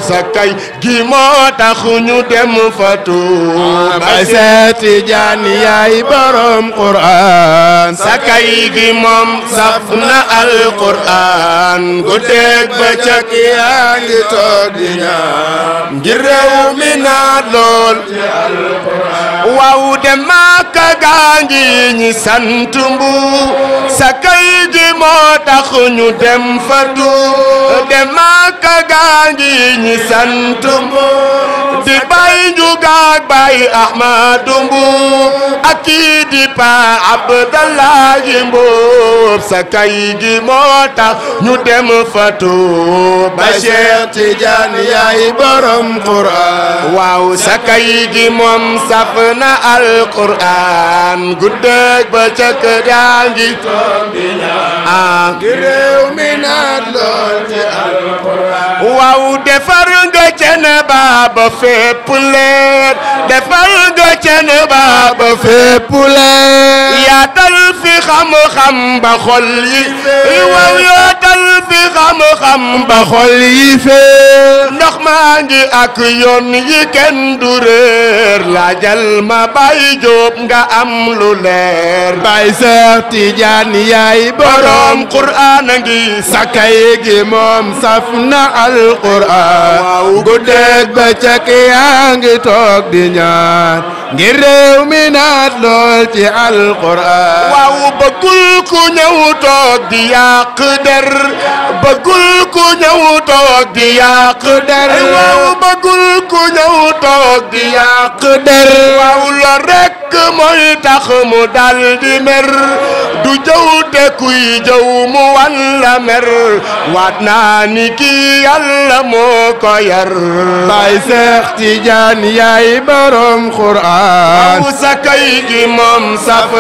sakay gi moo tax ñu dem fa Tuuba bay seeti jaan yaay borom qur'an sakay gi moom saf al qur'an guddeeg ba bëccëg yaa ngi toog di ñaan ngir réew mi naat lool ci alxuraan waaw dem Màkka gaa ngi ñi sant sa kay gi moo tax ñu dem fatu dem di bay njugaag bay Ahmadu mbu ak di pa Abdallahi mbu sa kay gi moo tax ñu dem fatu waaw ba Cheikh Tidiane yaay waaw sa moom saf na Alqur'an guddeeg ba cëkk daa ngi. tombi naa. Ah, ngir réew mi naat lool waaw defar nga Thiénaba ba fépp leer. defar nga Thiénaba ba fépp leer. yaatal fi xam-xam ba xol yi. waaw yoo. fi xam-xam ba xol yi féer ndox maa ngi ak yoon yi kenn du réer laajal ma Baye Diop nga am lu leer Baye Seex Tijaan yaay borom Qur'aan ngi sakay gi moom saf na alqur'aan guddeeg ba cak toog di ñaan ngir réew mi naat lool ci alqur'aan waaw bëggul ku ñëw toog di yàq der bëggul ku ñëw toog di yàq der waaw bëggul ku ñëw toog di yàq der waaw lor rek bëgg mooy tax mu dal di du jëw te kuy jëw mu wan la mer waat ni kii yàlla moo ko yar Baay Seex Tijaan yaay borom Qur'an bu sa kay gi moom saf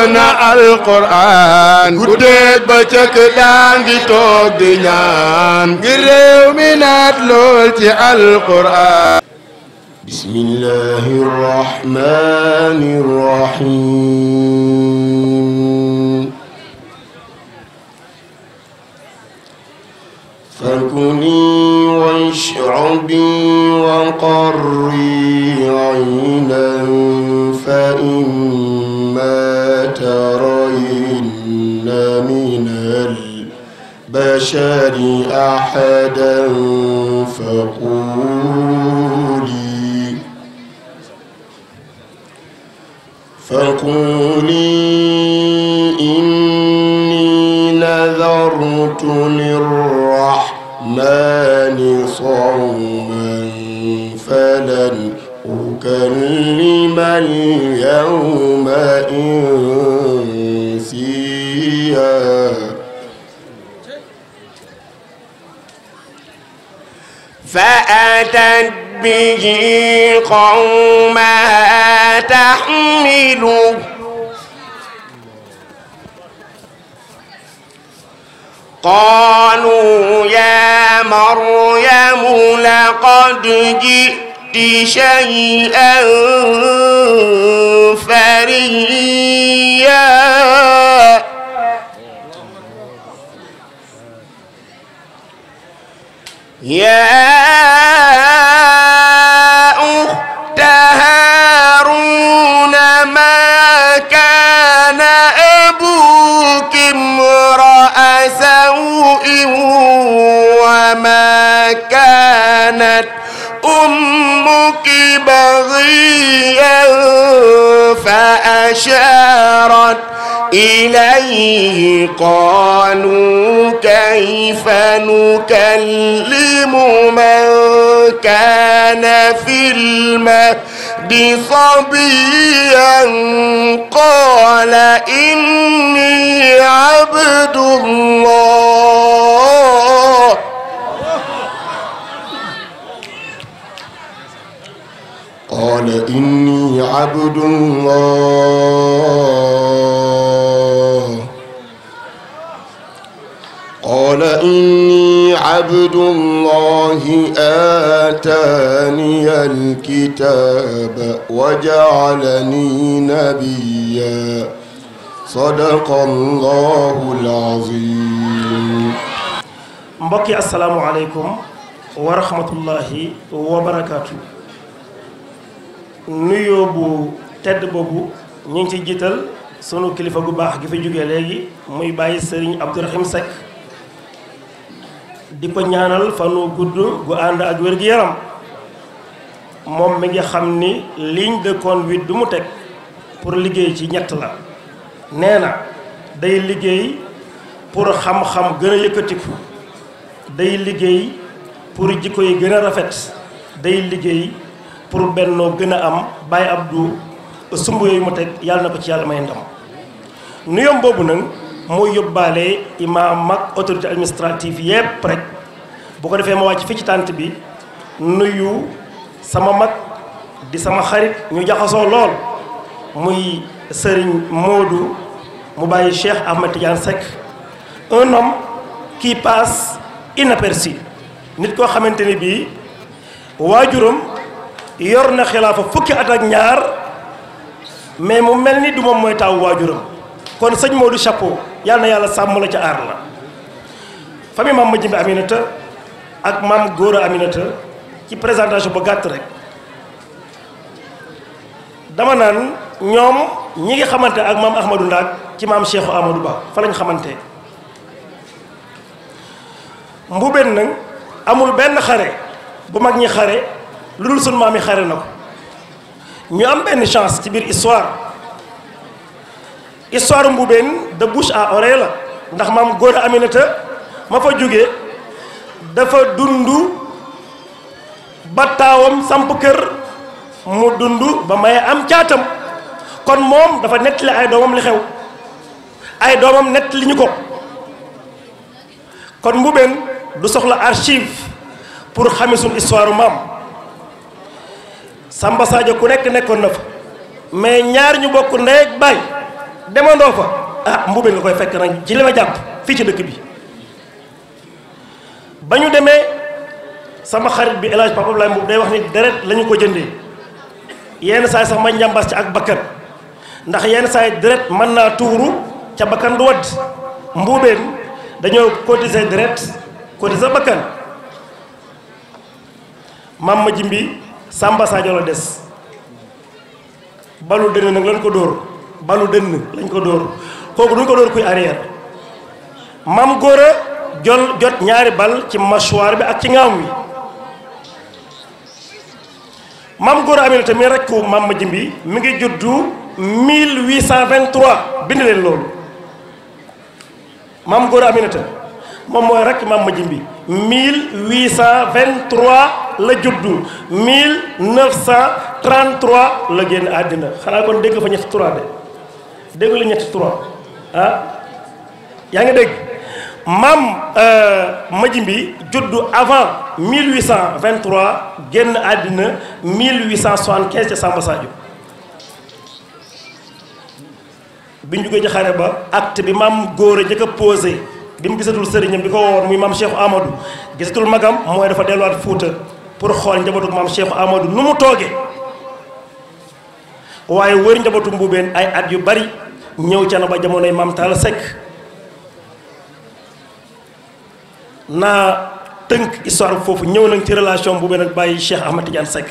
al Qur'an guddeeg ba cëkk daa ngi toog di mi naat lool ci al Qur'an بسم الله الرحمن الرحيم فكلي واشربي وقري عينا فإما ترين من البشر أحدا فقولي فقولي إني نذرت للرحمن صوما فلن أكلم اليوم إنسيا فأتت به قومها تحمله قالوا يا مريم لقد جئت شيئا فريا يا ما كانت أمك بغيا فأشارت إليه قالوا كيف نكلم من كان في المهد صبيا قال إني عبد الله قال إني عبد الله قال إني عبد الله آتاني الكتاب وجعلني نبيا صدق الله العظيم مبكي السلام عليكم ورحمة الله وبركاته nuyoo bu tedd boobu ñu ngi ci jiital sunu kilifa gu baax gi fi jóge léegi muy bàyyi sëriñ Abdourahim Seck di ko ñaanal fanu gudd gu ànd ak wér-gu-yaram moom mi nga xam ni ligne de wit bi mu teg pour liggéey ci ñett la nee na day liggéey pour xam-xam gën a yëkkatiku day liggéey pour jikko yi gën a rafet day liggéey pour bennoo gën a am Baye Abdou sumb yooyu mu teg yàlla na ko ci yàlla may ndam nuyoom boobu nag mooy yóbbaale ma ak autorité administrative yépp rek bu ko defee ma wàcc fii ci tànt bi nuyu sama mag di sama xarit ñu jaxasoo lool muy Serigne Modou mu bàyyi Cheikh Ahmed Tidiane Seck un homme qui passe inaperçu nit koo xamante ni bii waajuram yor na xilaafa fukki at ak ñaar mais mu mel ni di moom mooy taawu waajuram kon sëñ Modou chapeau yàlla na yàlla sàmm la ca aar la famille maam Madjimbi Aminata ak maam Gora Aminata ci présentation ba gàtt rek dama naan ñoom ñi ngi xamante ak maam Ahmadou Ndaak ci maam Cheikhu Amadou Ba fa lañ xamante mbuben nag amul benn xare bu mag ñi xare lu dul sunu maam yi xare na ko ñu am benn chance ci biir histoire histoire Mboubeen de bouche à oreille la ndax maam góor a Aminata ma fa jóge dafa dundu ba taawam samp kër mu dundu ba maye am caatam kon moom dafa nettali ay doomam li xew ay doomam nettali ñu ko kon Mboubeen du soxla archive pour xame suñu histoire maam Samba Sadio ku nekk nekkoon na fa mais ñaar ñu bokk ndey baay demandoo fa ah mbubbee nga koy fekk nag ci li jàpp fii ci dëkk bi ba ñu demee sama xarit bi El Hadj Papa Abdoulaye Mbubb day wax ni deret lañu ko jëndee yenn saay sax ma njàmbaas ci ak bakkan ndax yenn saay deret mën naa tuuru ca bakkan du wadd mbuubeen dañoo cotiser deret cotiser bakkan mam ma jimbi Samba Sadio la des balu dënn nag lañ ko dóor balu dënn lañ ko dóor kooku duñ ko dóor kuy arrière mam góora jol jot ñaari bal ci mâchoire bi ak ci ngaam wi mam góora Aminata mi rekk mam ma jëmbi mi ngi juddu 1823 bind leen loolu mam góora Aminata moom mooy rekk mam ma jëmbi 1823 la juddu 1933 la génn àddina xanaa kon dégg fa ñetti trois de dégg la ñetti trois ah yaa ngi dégg maam euh, Madjimbi juddu avant 1823 génn àddina 1875 ca Samba Sadio bi ñu jógee ci xare ba acte bi maam góor a jëkk a posé bi mu gisatul sëriñam bi ko woon muy maam Cheikh Amadou gisatul magam mooy dafa delluwaat Fuuta pour xool njabootu maam Cheikh Amadou nu mu tooge waaye wër njabootu mbuubeen ay at yu bari ñëw ca na ba jamonoy maam Talla Seck naa tënk histoire bi foofu ñëw nañ ci relation mbuubeen ak bàyyi Cheikh Ahmad Tidiane Seck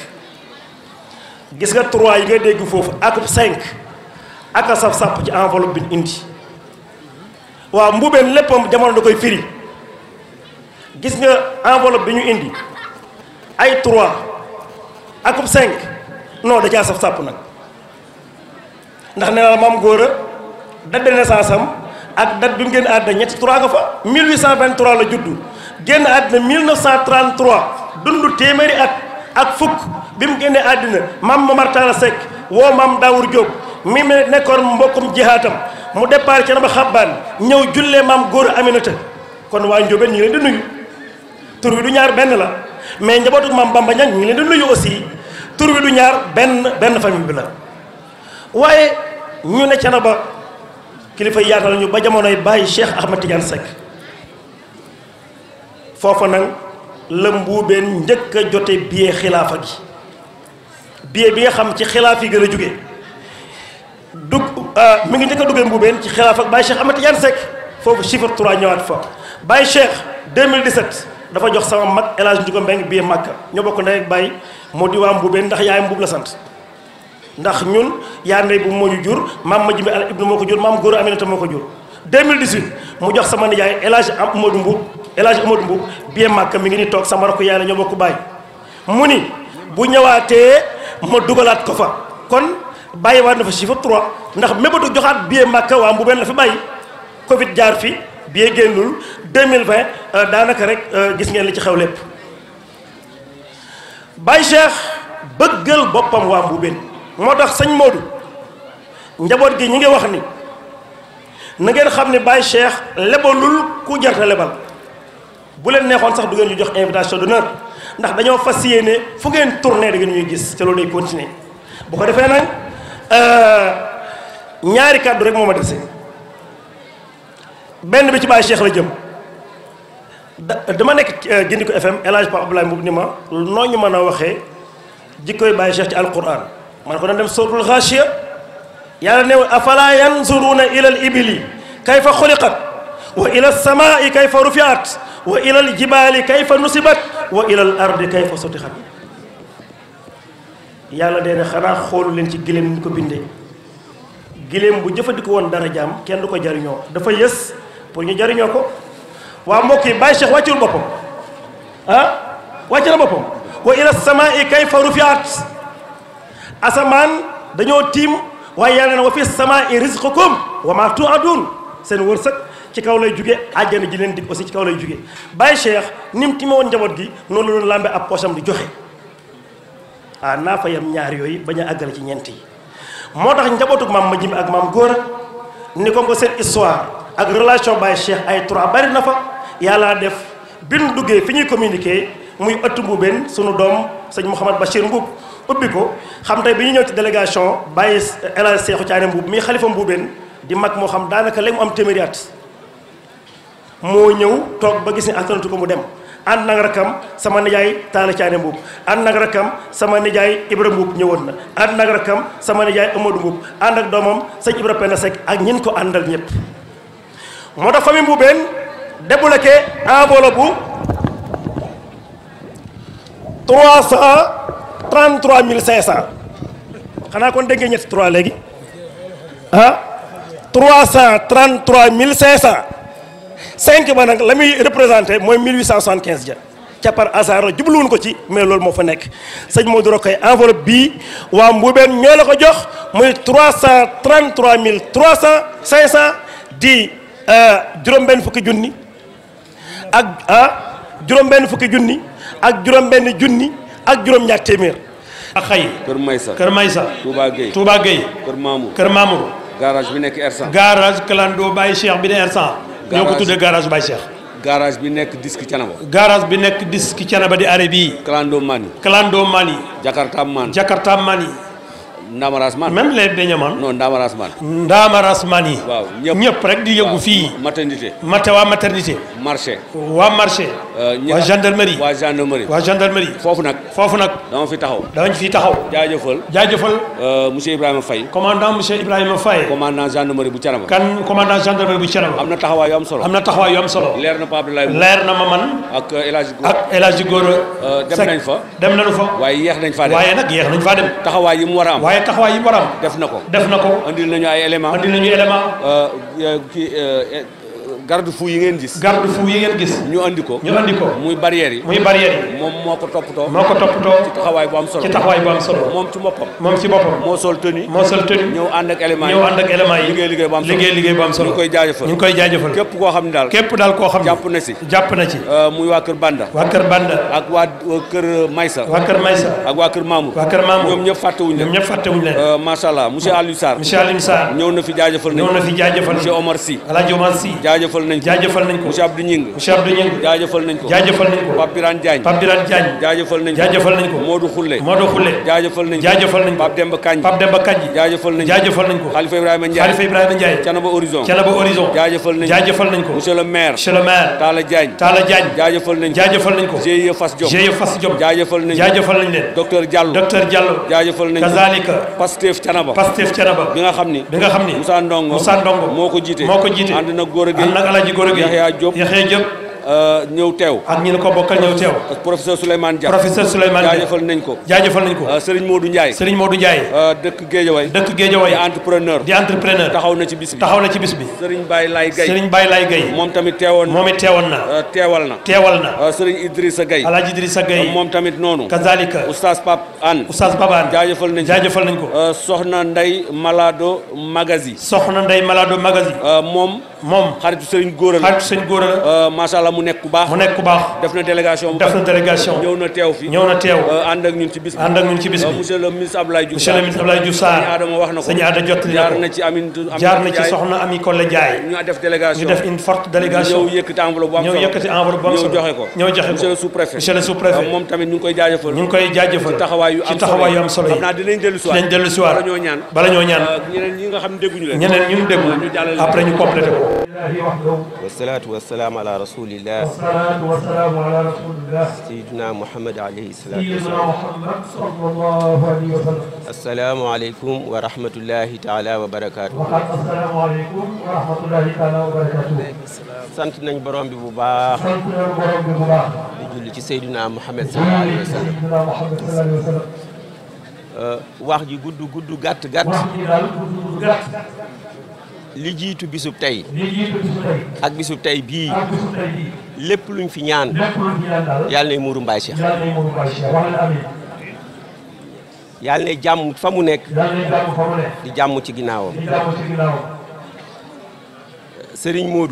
gis nga trois yi nga dégg foofu ak cinq ak saf sàpp ci enveloppe bi indi waaw mbuubeen léppam jamono da koy firi gis nga enveloppe bi ñu indi ay 3 akub 5 non da caa saf sàpp nag ndax nee naa maam góor a date de naissance ak date bi mu génn àddina ñetti 3 nga fa 1823 la juddu génn àddina 1933 dund téeméeri at ak fukk bi mu génnee àddina maam Momar Talla Seck woo maam Daawur Diop mi mu nekkoon mbokkum jihaatam mu départ ca na ba xabbaan ñëw jullee maam góor a Aminata kon waa Ndiobène ñu leen di nuyu tur wi du ñaar benn la. mais njabootu maam Bamba Ñaŋ ñu ngi leen du nuyu aussi tur wi du ñaar benn benn famille bi la waaye ñu ne ba kilifa yaatal ñu ba jamonoy bàyyi Cheikh Ahmad Tidiane Seck nag la mbuubeen njëkk a jote billet xilaafa gi billet bi nga xam ci xilaaf yi gën a jóge dug euh, mi ngi njëkk a duggee mbuubeen ci xilaaf ak bàyyi Cheikh Ahmad Tidiane Seck foofu chiffre 3 ñëwaat fa bàyyi Cheikh 2017 dafa jox sama mag El Hadj Ndiouga Mbengue bii Màkka ñoo bokk ndey ak baay moo di waa Mbuubeen ndax yaayam Mbuub la sant ndax ñun yaa ndey bu moo ñu jur maam ma jimbi al ibnu moo ko jur maam góor Aminata moo ko jur 2018 mu jox sama nijaay El Hadj Amadou Mbuub El Hadj Amadou Mbuub bii Màkka mi ngi ni toog sama rakk yaay la ñoo bokk baay mu ni bu ñëwaatee ma dugalaat ko fa kon bàyyi waat na fa chiffre 3 ndax mébatu joxaat bi bii Màkka waa Mbuubeen la fi bàyyi Covid jaar fi bee génnul 2020 euh, daanaka rek euh, gis ngeen li ci xew lépp Baye Cheikh bëggal boppam waa Mbuubeen moo tax sëñ Modou njaboot gi ñi ngi wax ni na ngeen xam ne Baye Cheikh lebalul ku jarta lebal bu leen neexoon sax du ngeen ñu jox invitation d'honneur ndax dañoo fas yéene fu ngeen tourné da ngeen ñuy gis te loolu lay continuer bu ko defee nag euh, ñaari kàddu rek moo ma dese benn bi ci Baye Cheikh la jëm dama nekk euh, Gindiku FM El Hadj Pape Abdoulaye Mboub ni ma noo ñu mën a waxee jikkoy Baye Cheikh ci alquran man ko nan dem suratul Xaashiya yàlla ne afala yanzuruna ilal ibili kayfa xuliqat wa ilal samaai kayfa rufiat wa ilal jibaali kayfa nusibat wa ilal ardi kayfa sutixat yàlla dee ne xanaa xoolu leen ci giléem ni ko bindee giléem bu jëfandikoo woon dara jaam kenn du ko jariñoo dafa yës pour ñu jariñoo ko waa mbokk yi Baye Cheikh wàccul boppam ah wàcc na boppam wa ila samaa'i kayfa rufi'at asamaan dañoo tiim waaye yàlla na wa fi samaa'i rizqukum wa ma tu'adun seen wërsëg ci kaw lay jugee àjjana ji leen dig aussi ci kaw lay jugee Baye Cheikh ni mu timme woon njaboot gi noonu la doon làmbe ab di joxe a ah, naa fa yam ñaar yooyu bañ a àggale ci ñeent yi moo tax njabootug maam ma jimi ak maam góor ni ko ko seen histoire ak relation Baye Cheikh ay trois bari na fa yàlla def bi nu duggee fi ñuy communique muy ëtt mbuubeen sunu doom sëñ Mouhamad Bachir Mbuub ubbi ko xam tey bi ñu ñëw te délégation Baye El Hadj Seexu Caane Mbuub mii xalifa mbuubeen di mag moo xam daanaka léegi mu am téeméeri at moo ñëw toog ba gis ne attanatu ko mu dem ànd nag rakam sama nijaay Taala Caane Mbuub ànd nag rakam sama nijaay Ibra Mbuub ñëwoon na ànd nag rakam sama nijaay Amadou ànd ak doomam sëñ Ibra Penda ak ñin ko àndal ñëpp moo tax famille Mboubeen débloqué enveloppe bu 333 500 xanaa kon dégg nga ñetti 3 léegi ah 333 500 5 ba nag la muy représenté mooy 1875 ja ca par hasard jubluwuñ ko ci mais loolu moo fa nekk sëñ Modou Rokhaya enveloppe bii waa Mboubeen ñoo la ko jox muy mille 300 500 di. Euh, juróom-benn fukki junni ak ah, juróom-benn fukki junni ak juróom-benn junni ak juróom-ñaar téeméer. ak xay Kër Maysa Kër Maysa. Touba Gueye Touba Gueye. garage bi nekk R100. garage clando Baye Cheikh bi de r ñoo ko tuddee garage Baye Cheikh. garage bi nekk disque canaba. garage bi nekk di arrêt bii. clando Mali. clando Mali. Jakarta Mali. Ndaama Rasman même les Benyamin. non Ndaama Rasman. Ndaama Rasman yi. waaw ñëpp ñëpp rek di yëngu fii. maternité mate waa maternité. marché. waa marché. Euh, waa gendarmerie. waa gendarmerie. waa gendarmerie. foofu nag. foofu nag. dama fi taxaw. dama fi taxaw. jaajëfal. jaajëfal. Euh, monsieur Ibrahima Faye. commandant monsieur Ibrahima Faye. commandant gendarmerie bu Thiénaba. kan commandant gendarmerie bu Thiénaba. am na taxawaay yu am solo. am na taxawaay yu am solo. leer na Pape Abdoulaye. leer na ma man. ak euh, El Hadj ak El Hadj Gora. dem nañ fa. dem nañ fa waaye yeex nañ faa dem waaye nag a am waaye taxawaay yi mu am def na ko def na ko andil nañu ay éléments andil nañu ki euh, euh, kii. Euh, garde fou yi ngeen gis garde fou yi ngeen gis ñu andi ko ñu andi ko muy barrière yi muy barrière yi moom moo ko toppatoo moo ko toppatoo ci ci taxawaay bu am solo moom ci boppam moom ci boppam moo sol tenue képp koo xam ne daal képp daal koo xam ne jàpp na ci euh, muy waa Banda ak waa euh, Maysa waa kër Maysa ak waa kër Mamour waa kër Mamour ñoom ñëpp fàttewuñ leen ñoom ñëpp fàttewuñ leen euh, macha allah monsieur Aliou Sarr monsieur Aliou Sarr ñëw na fi jaajëfal ñëw na fi jaajëfal monsieur Omar Sy Alaaji jaajëfal nañ ko jaajëfal nañ ko monsieur Abdou Gningue monsieur Abdou Gningue jaajëfal nañ ko jaajëfal le maire monsieur le maire Talla Diagne Talla nañ ko GIE Fass Diop GIE Fass Diop jaajëfal nañ nañ leen docteur Diallo docteur Diallo kazalika Pastef Thiénaba Pastef xam ni bi xam ni Moussa Ndongo moo ko jiite moo ko jiite a ak El Hadj Gora Gueye Yaxya Diop Yaxya Diop Euh, ñëw teew ak ñi ko bokkal ñëw teew professeur Souleymane Dia professeur Souleymane Dia jaajëfal nañ ko jaajëfal nañ ko euh, Serigne Modou Ndiaye Serigne Modou Ndiaye euh, dëkk Guédiawaye dëkk Guédiawaye di entrepreneur di entrepreneur taxaw na ci bis bi taxaw na ci bis bi Serigne Baye Lay Guèye Serigne Baye Lay Guèye moom tamit teewoon moom it teewoon na teewal na teewal na Serigne Idrissa Guèye Alhaji Idrissa Guèye moom tamit noonu kazalika Oustaz Pape Anne Oustaz Pape Anne jaajëfal nañ jaajëfal nañ ko Soxna Ndeye Malado Magazi Soxna Ndeye Malado Magazi moom moom xaritu Serigne Góora la xaritu Serigne Góora la Mourtala mu nekk baax. mu nekk baax. def na délégation ñëw na teew fi euh, ak ñun ci bis bi ak ñun ci bis bi. Euh, monsieur le ministre Abdoulaye Diouf Sarr monsieur Adama wax na ko sëñ Adama jot na ko jaar na ci Aminata Diaye ñu def délégation ñu def une euh, ñu ngi ñu nga xam ne dégguñu leen. ñeneen ñu déggu après ñu complété ko. rasulillah wasalaatu wasalaamu ala rasulillah sayiduna muhammad alayhi salaatu sayiduna muhammad sallallahu alayhi wa sallam assalaamu aleykum wa rahmatullahi taala wa barakaatu assalaamu aleykum wa rahmatullahi taala wa barakaatu sant nañ borom bi bu baax sant nañ borom bi bu baax di julli ci sayiduna muhammad sallallahu alayhi wa sallam sayiduna muhammad sallallahu alayhi wa sallam wax ji gudd gudd gàtt gàtt wax ji daal gudd gudd gàtt li jiitu bisub tey. ak bisub tey bii. lépp luñ fi ñaan. lépp luñ fi ñaan daal. yàlla nay muuru Mbaye Cheikh. jàmm fa mu nekk. yàlla nay mu di jàmm ci ginnaawam. sëriñ jàmm ci ginnaawam. Serigne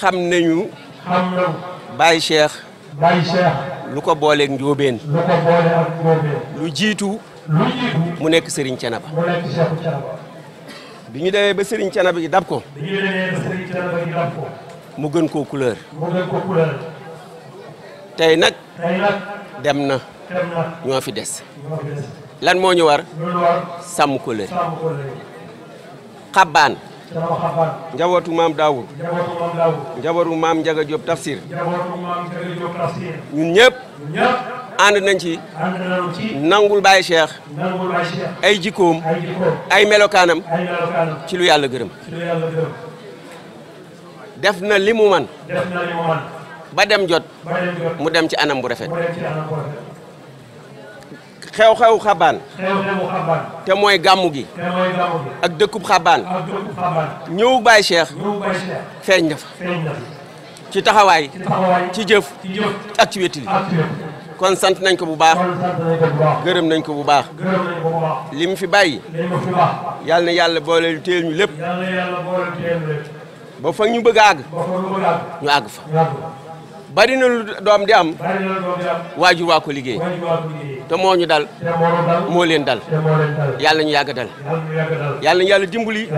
xam nañu. xam nañu. Baye lu ko booleeg njóobeen. lu jiitu. mu nekk Serigne Thiénaba. mu bi ñu demee ba Serigne Thiénaba gi dab ko. bi ñu demee ba ko. mu gën koo couleur. tey nag. tey nag dem na. ñoo fi des. lan moo ñu war. loolu war sàmm couleur. sàmm couleur. xabaan. dama xabaan. njabootu maam Daawud. njabootu maam Njaga Diop Tafsir. njabootu maam ànd nañ ci nangul Baye Cheikh ay jikkoom ay melokaanam ci lu yàlla gërëm def na li mu ba dem jot mu dem ci anam bu rafet xew-xew xabaan te mooy gàmmu gi ak dëkkub xabaan ñëw bay Cheikh feeñ na ci taxawaay ci jëf ak ci wéttili kon sant nañ ko bu baax gërëm nañ ko bu baax li mu fi bàyyi yàlla na yàlla boole téel ñu lépp ba fa ñu bëgg a àgg ñu àgg fa bari na lu doom di am waajur waa ko liggéey te moo ñu dal moo leen dal yàlla ñu yàgg dal yàlla ñu yàlla dimbali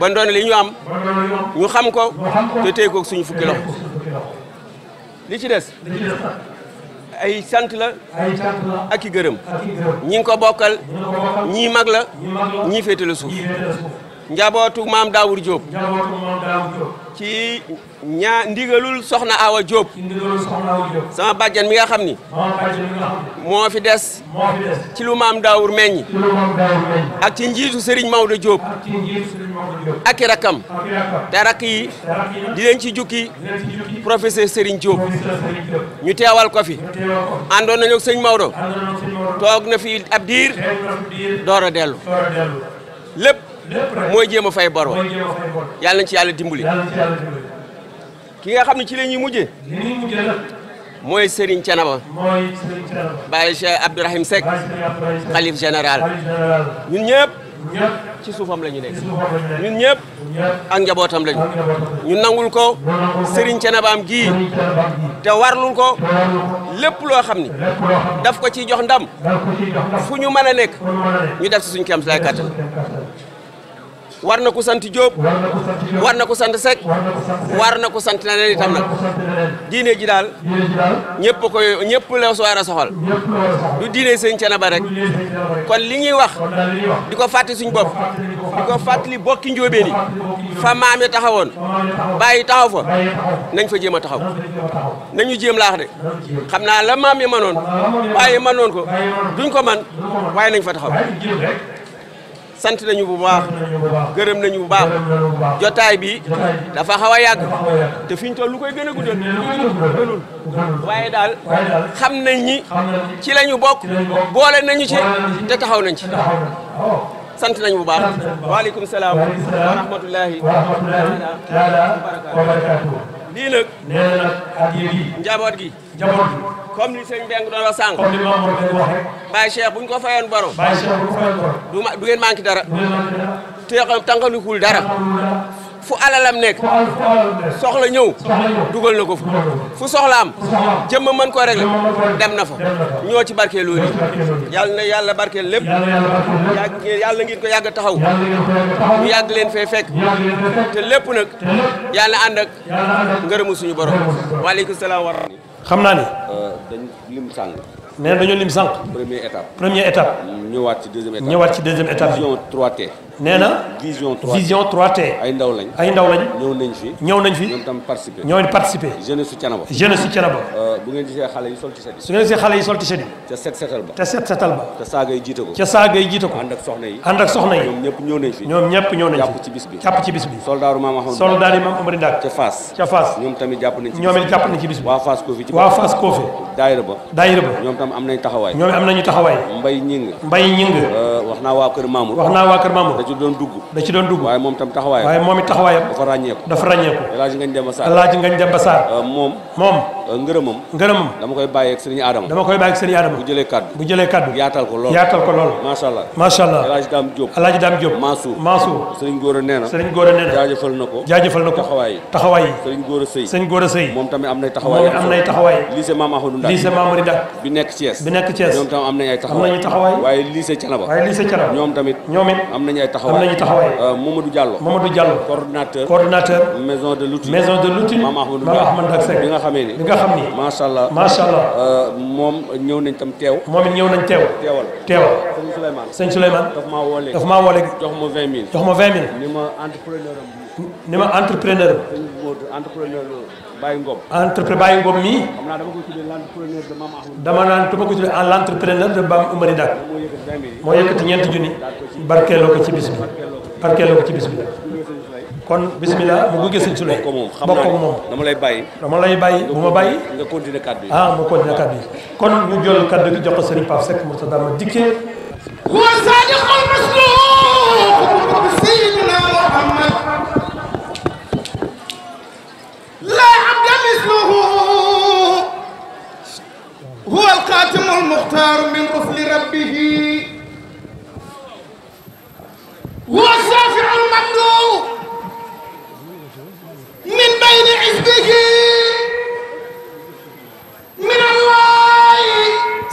ba ndoon li ñu am ñu xam ko te téye ko suñu fukki loxo li ci des ay sant la. aki sant la ak gërëm. ñi ngi ko bokkal. ñii mag la. ñii féete la suuf. njabootu maam Daawur Diop. njabootu maam ci ñaa ndigalul soxna Awa Diop. ci ndigalul soxna sama bàjjan mi nga xam ni. moo fi des. ci lu maam Daawur meññ. ak ci njiitu Serigne Maodo Diop. ak ci njiitu Serigne te rakk yi. di ci jukki. professeur sëriñ Diop. ñu teewal ko fi. àndoon nañu ak sëñ Maodo. toog na fi ab diir. door dellu lépp. mooy jéem a fay bor wa yàlla nañ ci yàlla dimbali ki nga xam ne ci la ñuy mujjee mooy Serigne Thiénaba Baye Cheikh Abdourahim Seck xalif général ñun ñëpp ci suufam la ñu nekk ñun ñëpp ak njabootam lañu ñu nangul ko Serigne Thiénaba am gii te warlul ko lépp loo xam ni daf ko ci jox ndam fu ñu mën a nekk ñu def si suñu kéem lay kàttan war na ko sant Diop war na ko sant Seck war na ko sant na leen itam nag diine ji daal ñëpp ko ñëpp la war a soxal du diine sëñ Thiénaba rek kon li ñuy wax di ko fàtte suñ bopp di ko fàttali bokki njóobeen yi fa maam ya taxawoon bàyyi taxaw fa nañ fa jéem a taxaw nañu jéem laax de xam naa la maam ya manoon bàyyi manoon ko duñ ko man waaye nañ fa taxaw sant nañu bu baax gërëm nañu bu baax jotaay bi dafa xaw a yàgg te fi ñu lu koy gën a guddal gënul waaye daal xam nañ ci la ñu bokk boole nañu ci te taxaw nañ ci oh. sant nañu bu baax waaleykum salaam wa rahmatullahi wa lii nag gi njaboot gi comme ni sëñ Mbeng doon la sànq. comme ni bu ñu ko fayoon borom. Baye Cheikh bu ñu ko fayoon borom. dara. du ngeen manqué dara. fu alalam nekk soxla ñëw dugal na ko fa fu soxlaam jëmm mën ko régler dem na fa ñoo ci barkee loolu yi yàlla na yàlla barkee lépp yàgg yàlla ko yàgg taxaw ñu yàgg leen fee fekk te lépp nag yàlla ànd ak ngërëmu suñu borom waaleykum salaam wa xam naa ni. Euh, dañ lim sànq. nee na dañoo lim sànq. première étape première étape. ñëwaat ci deuxième étape ñëwaat ci deuxième étape. vision 3 nee na vision 3T vision ay ndaw lañ ay ndaw lañ. fi ñëw nañ fi. ñoom tam participer ñoo participer. jeunesse su Thiénaba euh, t-shirt yi. t-shirt yi. te set setal ba ñoom ñëpp ñëw nañ fi ñoom ñëpp ñëw nañ fi. jàpp ci bis bi jàpp ci bis bi. soldaaru maam Ahmadou soldaaru maam Ahmadou Ndak. ca Fass ca Fass. ñoom tamit jàpp it jàpp nañ ci bis bi. waa Fass Koffi ci ba daayira ba. ñoom tam am nañ taxawaay mbay ñing mbay ñing euh, wax naa waa kër Mamour wax naa waa kër Mamour ci doon dugg da ci doon dugg waaye moom tam taxawaayam waaye moom it taxawaayam dafa ràññeeku dafa ràññeeku alaaji ngañ demba saar alaaji ngañ dama koy bàyyi daam jóob alaaji daam sëriñ góor a nee sëriñ góor a nee na jaajëfal na ko jaajëfal na ko taxawaay yi taxawaay yi sëriñ góor a a bi nekk Thiès bi nekk Thiès ñoom tamit ñoom taxawaay am nañu taxawaay. Euh, Mamadou Diallo Mamadou Diallo. coordonnateur coordonnateur. maison de l'outil maison de l'outil. maam Ahmadou Dak Seck xamee ni bi nga xam ni. macha allah macha euh, moom ñëw nañ tam teew. moom ñëw nañ teew. teewal teewal. sëñ Souleymane sëñ Souleymane. daf maa woo léegi daf maa woo léegi. jox ma vingt mille jox ma vingt mille. ni ma entrepreneur am. ni ma entrepreneur am. entrepreneur Baye Ngom entrepreneur Baye Ngom mii. xam naa dama ko tuddee l'entrepreneur de Mame Ahmadou. dama naan dama ko tuddee en l'entrepreneur de moo yëkkati ñeenti junni barkeeloo ko ci bis bi barkeeloo ko ci bis bi. kon bismillah mu gunge sëñ Souley bokk moom dama lay bàyyi dama lay bàyyi bu ma bàyyi yi ah mu continuer kàddu yi kon ñu jël kàddu gi jox ko Serigne Pape Seck Mourtada ma dikkee wa sadiqul masduq مثله هو القاتم المختار من رسل ربه هو الشافع الممدوح من بين حزبه من الله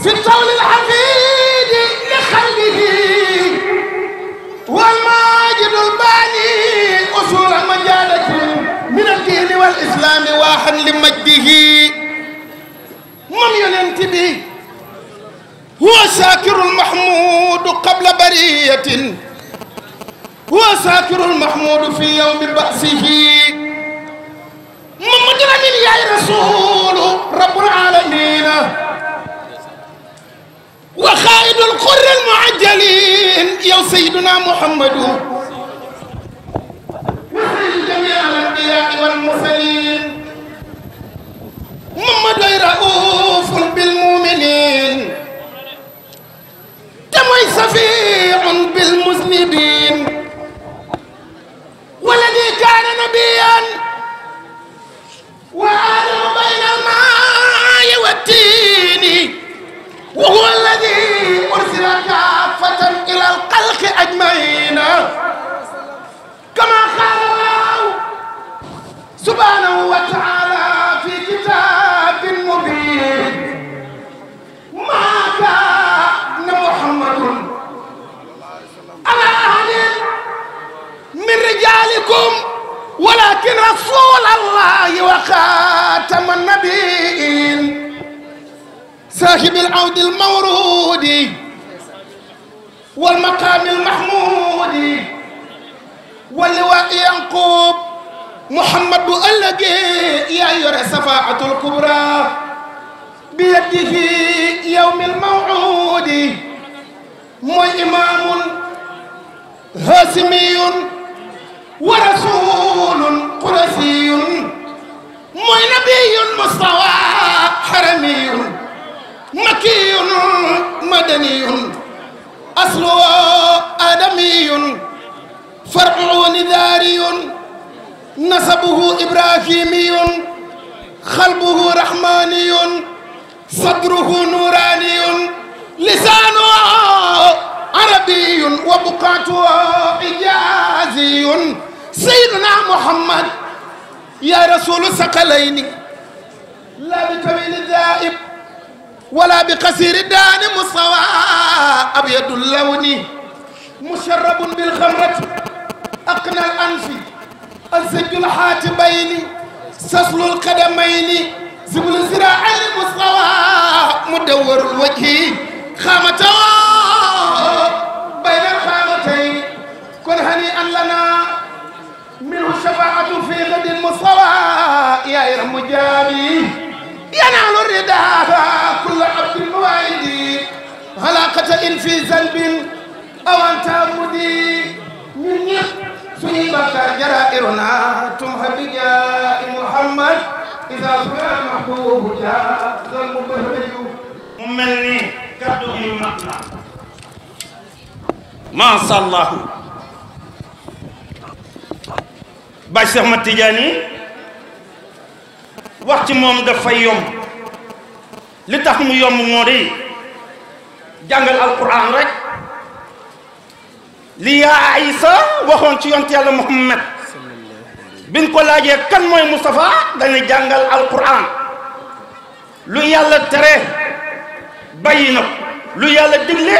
في الطول الحفيد لخلده والماجد الباني أصول diini wal islaami waaxan li majdihi moom yonent bi huwa saakirul mahmuudu qabla bariyatin huwa saakirul mahmuudu fi yawmi ba'sihi Mamadou Lamine yaay rasuulu rabbul aalamiin wa xaayidul qurril muajjaliin yow sayyiduna Muhammadu salli ala al-anbiyaa wal mursaliin moom doy raufun bil mu'miniin te mooy safiun bil muznibiin wala di kaana nabiyyan wa aadamu bayna al-maa'i wa tiini wa huwa alladi ursila kaaffatan ila al-xalqi ajma'iin كما قال subhanahu wa ta'ala fi kitabin mubin ma kana muhammadun ala ahlin min rijalikum walakin rasulallahi wa khataman nabiyyin sahibil awdil mawrudi والمقام المحمود واللواء ينقوب muhammad bu ëllëgee yaa yore safaatul kubra bi yadihi yawmil maw'udi mooy imaamun haasimiyun wa rasulun qurasiyun mooy nabiyun mustawa haramiyun makiyun madaniyun aslu adamiyun far'u nidaariyun nasabuhu ibrahimiyun xalbuhu rahmaniyun sadruhu nuraniyun lisanuhu arabiyun wa buqaatuhu ijaziyun sayyiduna muhammad ya rasulu saqalayni la bi tawil daib wala bi qasiri daani mustawa abyadul lawni musharrabun bil khamrati aqna al anfi السجل حاتبين سسل القدمين زبل زراع المستوى مدور الوجه خامة بين الخامتين كن هنيئا لنا منه الشفاعة في غد المستوى يا إرم جابي ينال الرداء كل عبد موعد علاقة في ذنب أو أنت مدي من يخ suñuy bàkkaar jaraa'iruna tumha bi jaa'i Muhammad isaa suya mahbubu jaazal mubarraju mu mel ni kaddu gi mat na macha allah Baay Seex Ahmad Tijaan yi wax ci moom dafay yomb li tax mu yomb moo di jàngal alquran rek li yaa Isa waxoon ci yont yàlla Muhammad biñ ko laajee kan mooy Moustapha dañu jàngal alquran lu yàlla tere bàyyi na ko yàlla digle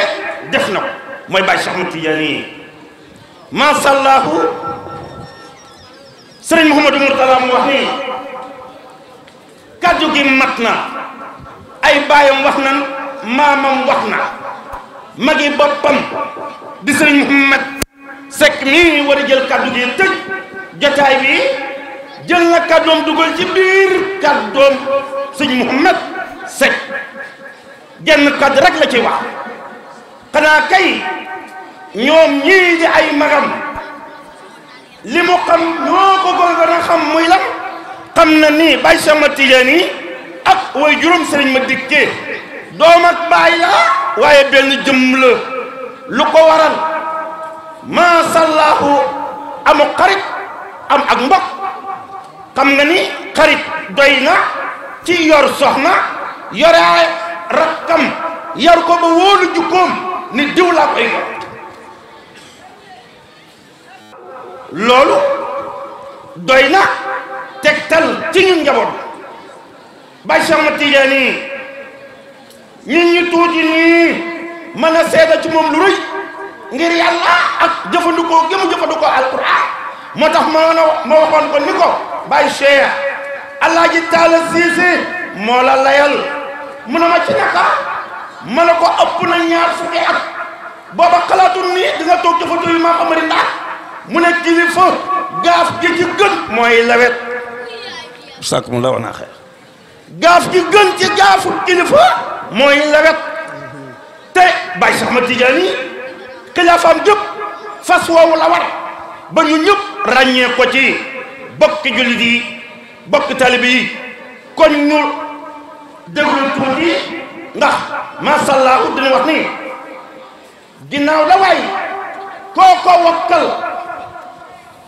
def na ko mooy Baye Cheikh Ahmed Tidiane macha allah sëriñ Mouhamadou wax nii kaddu gi mat na ay baayam wax nan maamam wax na magi boppam. di sëriñ Mouhamed Seck mii war a jël kaddu gi tëj jotaay bi jël na kaddoom dugal ci biir kaddoom sëriñ Mouhamed Seck genn kaddu rek la ci wax xanaa kay ñoom ñii di ay magam li mu xam ñoo ko gën a xam muy la xam na ni bay sama tijaan yi ak way juróom sëriñ ma dikkee doom ak baay la waaye benn jëmm la lu ko waral maasallaahu amu xarit am ak mbokk xam nga ni xarit doy na ci yor soxna yoree rakkam yar ko ba wóolu jukkoom ni diw koy yor loolu doy na tegtal ci ñun njaboot ba Cheikh Tidiane ñun ñu tuuti nii mën a seeda ci moom lu rëy ngir yàlla ak jëfandikoo gi mu jëfandikoo alquran moo tax ma waxoon ko ni ko bàyyi cheikh alaaji taala siise moo la layal mu ne ma ci naka ma ne ko ëpp na ñaar fukki at booba xalaatul nii di nga toog jëfandikoo yu maam amari ndax mu ne kilifa gaaf gi ci gën mooy lawet sàkk mu la gaaf gi gën ci gaafu kilifa mooy lawet te Baye Cheikh Ahmad Tidiane yi xilaafaam jëpp fas woowu la war ba ñu ñëpp ràññee ko ci bokki jullit yi bokki talibi yi kon ñu déglu tuuti ndax masàllaa uddina wax nii ginnaaw la waay koo ko wakkal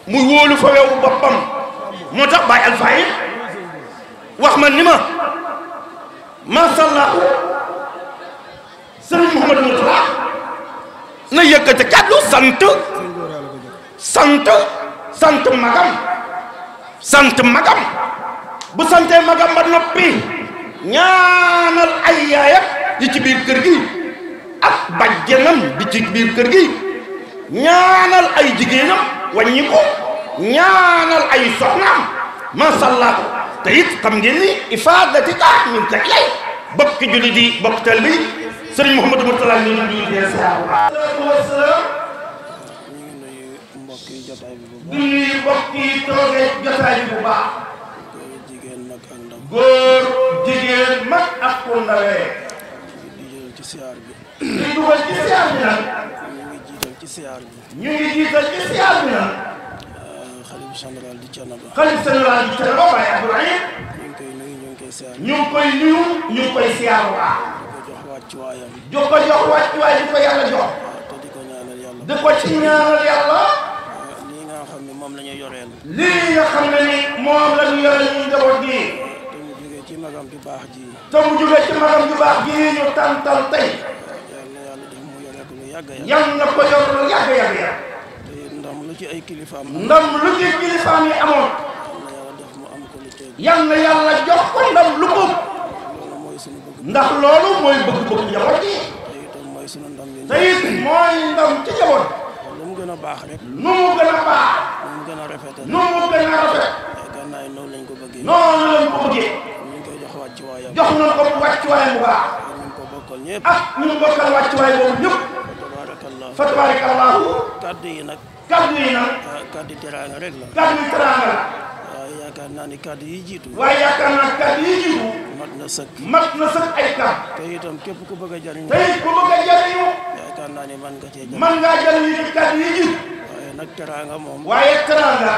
muy wóolu fa wewu boppam moo tax Baye Alfayda wax ma ni ma masàllaa sëriñ Mouhamadou Mourtada na yëkkati kàddu sant sant sant magam sant magam bu santee magam ba noppi ñaanal ay yaayam di ci biir kër gi ak bajjenam di ci biir kër gi ñaanal ay jigéenam wàññi ko ñaanal ay soxnaam masallah te it xam ngeen ni ifaadati ka min ka ilay bokki jullit yi bokk taalibe sëriñ Mouhamadou Mourtala ñu ngi nuyu des saafara. ñu ngi nuyu mbokk yi jotaay bi bu baax. ñu ngi nuyu mbokk yi toogee jotaay bi bu baax. góor jigéen mag ak ndaw. góor jigéen mag ak ku ndawee. di dugal ci siyaar bi. di dugal ci siyaar bi nag. ñu ngi jiital ci siyaar bi. ñu ngi jiital ci siyaar bi nag. xalif général di Thiénaba. xalif général di Thiénaba waaye Abdoulaye. ñu ngi koy nuyu ñu ngi koy siyaar. ñu ngi koy nuyu ñu ngi koy siyaar bu baax. wàccuwaayam. jox ko jox wàccuwaay di ko yàlla jox. waaw te di ko yàlla. di ko ci ñaanal yàlla. lii nga xam ne moom la yoreel. lii nga xam ne ni moom lañuy ñu yoreel ñu njaboot te mu jógee ci magam ju baax ji. te mu jógee ci magam ju baax ji ñu tàntal tey. yàlla na ko yor lu yàgg yàgg yàgg. ndam lu ci ay kilifaam. ndam lu ci kilifaam yi amoon. yàlla mu yàlla jox ko ndam lu ko. ndax loolu mooy bëgg-bëgg njaboot yi te it mooy ndam ci njaboot lu mu gën a baax rek nu mu gën a baax nu mu gën a rafet nu mu gën a rafet gànnaay noonu lañ ko bëggee noonu lañ ko bëggee ñu koy jox wàccuwaayam jox nañ ko wàccuwaayam bu baax ñu ko bokkal ñëpp ak ñu bokkal wàccuwaay boobu ñëpp tabaarakallah fa tabaarakallahu kaddu yi nag kaddu yi nag ah, kaddu teraanga rek la kaddu teraanga la yaakaar naa ni kàddu yi jiitu. waaye yaakaar naa kàddu yi jiitu. mat na sëkk. mat na sëkk ay kàddu. te itam képp ku bëgg a jariñu. tey ku bëgg a jariñu. yaakaar naa ni man nga cee jariñu. man ngaa jariñu ci kàddu yi jiitu. waaye nag teraanga moom. waaye teraanga.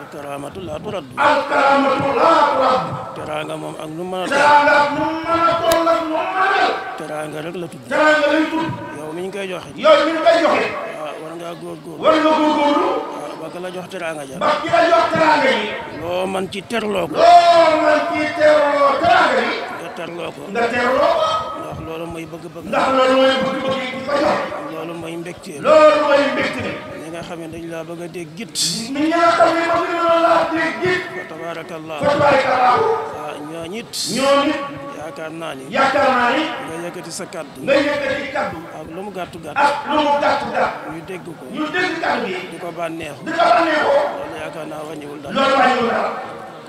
al karaamatu laa turaddu. al karaamatu laa turaddu. teraanga moom ak nu mu mën a. teraanga ak nu mu mën a toll ak nu mu mën a. teraanga rek la tudd. teraanga lay tudd. yow mi ñu koy joxe. yow mi ñu koy joxe. waaw ah, war ngaa góorgóorlu. war nga góorgóorlu. waaw ah, ba ka la jox teraanga ja. ba ki la jox teraanga yi. loo man ci terloo ko. loo man ci terloo teraanga yi. nga terloo ko. nga terloo ko. ndax loolu mooy bëgg-bëgg. ndax loolu mooy bëgg-bëgg yi ba jox. loolu mooy mbégte. loolu mooy mbégte. ñi nga xam ne dañ laa bëgg a dégg git. ñi nga xam ne bëgg na laa dégg git. fa tabaarakallah. fa tabaarakallah. waaw ah, ñooñu it. ñooñu it. yaakaar naa ni. yaakaar naa ni. nga yëkkati sa kaddu. nga yëkkati kaddu. ak lu mu gàttu gàtt. ak dégg ko. ñu dégg kaddu yi. di ko bànneexu. di ko bànneexu. loolu yaakaar naa wàññiwul dara. loolu wàññiwul dara.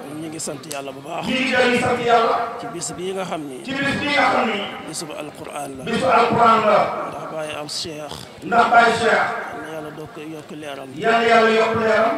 kon ñu ngi sant yàlla bu baax. ci bis bii nga ni. ci bis bii nga xam ni. bisu alquran la. bisu alquran la. ndax bàyyi am cheikh. ndax bàyyi cheikh. yàlla yàlla yokk leeram. yàlla leeram.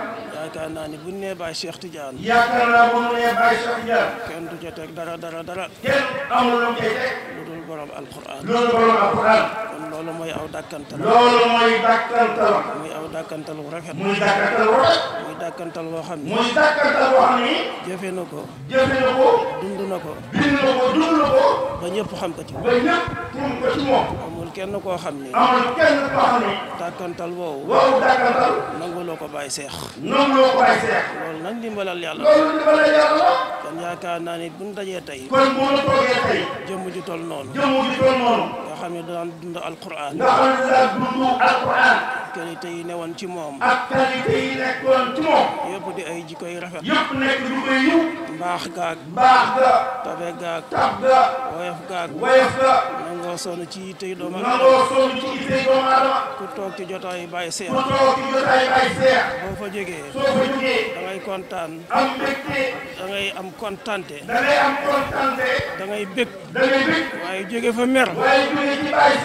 yaakaar naa ni bu ñu nee Baye Cheikh Tidiane. yaakaar naa bu ñu nee Baye Cheikh Tidiane. kenn du ca teg dara dara dara. kenn amul lu mu cay teg. lu dul borom alquran. loolu borom alquran. kon loolu mooy aw dàkkantal. loolu mooy dàkkantal. muy aw dàkkantal wu rafet. muy dàkkantal wu rafet. muy dàkkantal woo xam ni. muy dàkkantal woo xam ni. jëfe na ko. jëfe na ko. dund na ko. bind na ko dund na ko. ba ñëpp xam ko ci. ba ñëpp xam ko ci moom. kenn koo xam ni. amul kenn koo xam ni. dàkkantal woowu. woowu dàkkantal. nanguloo ko bàyyi seex. nanguloo ko bàyyi seex. loolu nag ndimbalal yàlla. loolu ndimbalal yàlla. kon yaakaar naa ni bu ñu dajee tey. kon bu ñu toogee tey. jëmm ju tol noonu. jëmm ju nga xam ne daan dund alquran. nga xam ne daan dund alquran. qualité yi newoon ci moom. ak qualité yi nekkoon ci moom. yëpp di ay jikko yu rafet. yëpp nekk di koy yiw. mbaax gaag. mbaax ga. tabe gaag. tab ga. woyof gaag. woyof ga. nangoo sonn ci yittey doomu aadama. nangoo sonn ci yittey doomu aadama. ku toog ci jotaay bàyyi seex. ku toog ci jotaay bàyyi seex. boo fa jógee. soo fa jógee. da ngay kontaan. am mbégte. da ngay am kontante. da ngay am kontante. da ngay bég. da ngay bég. waaye jóge fa mer. waaye jógee ci bàyyi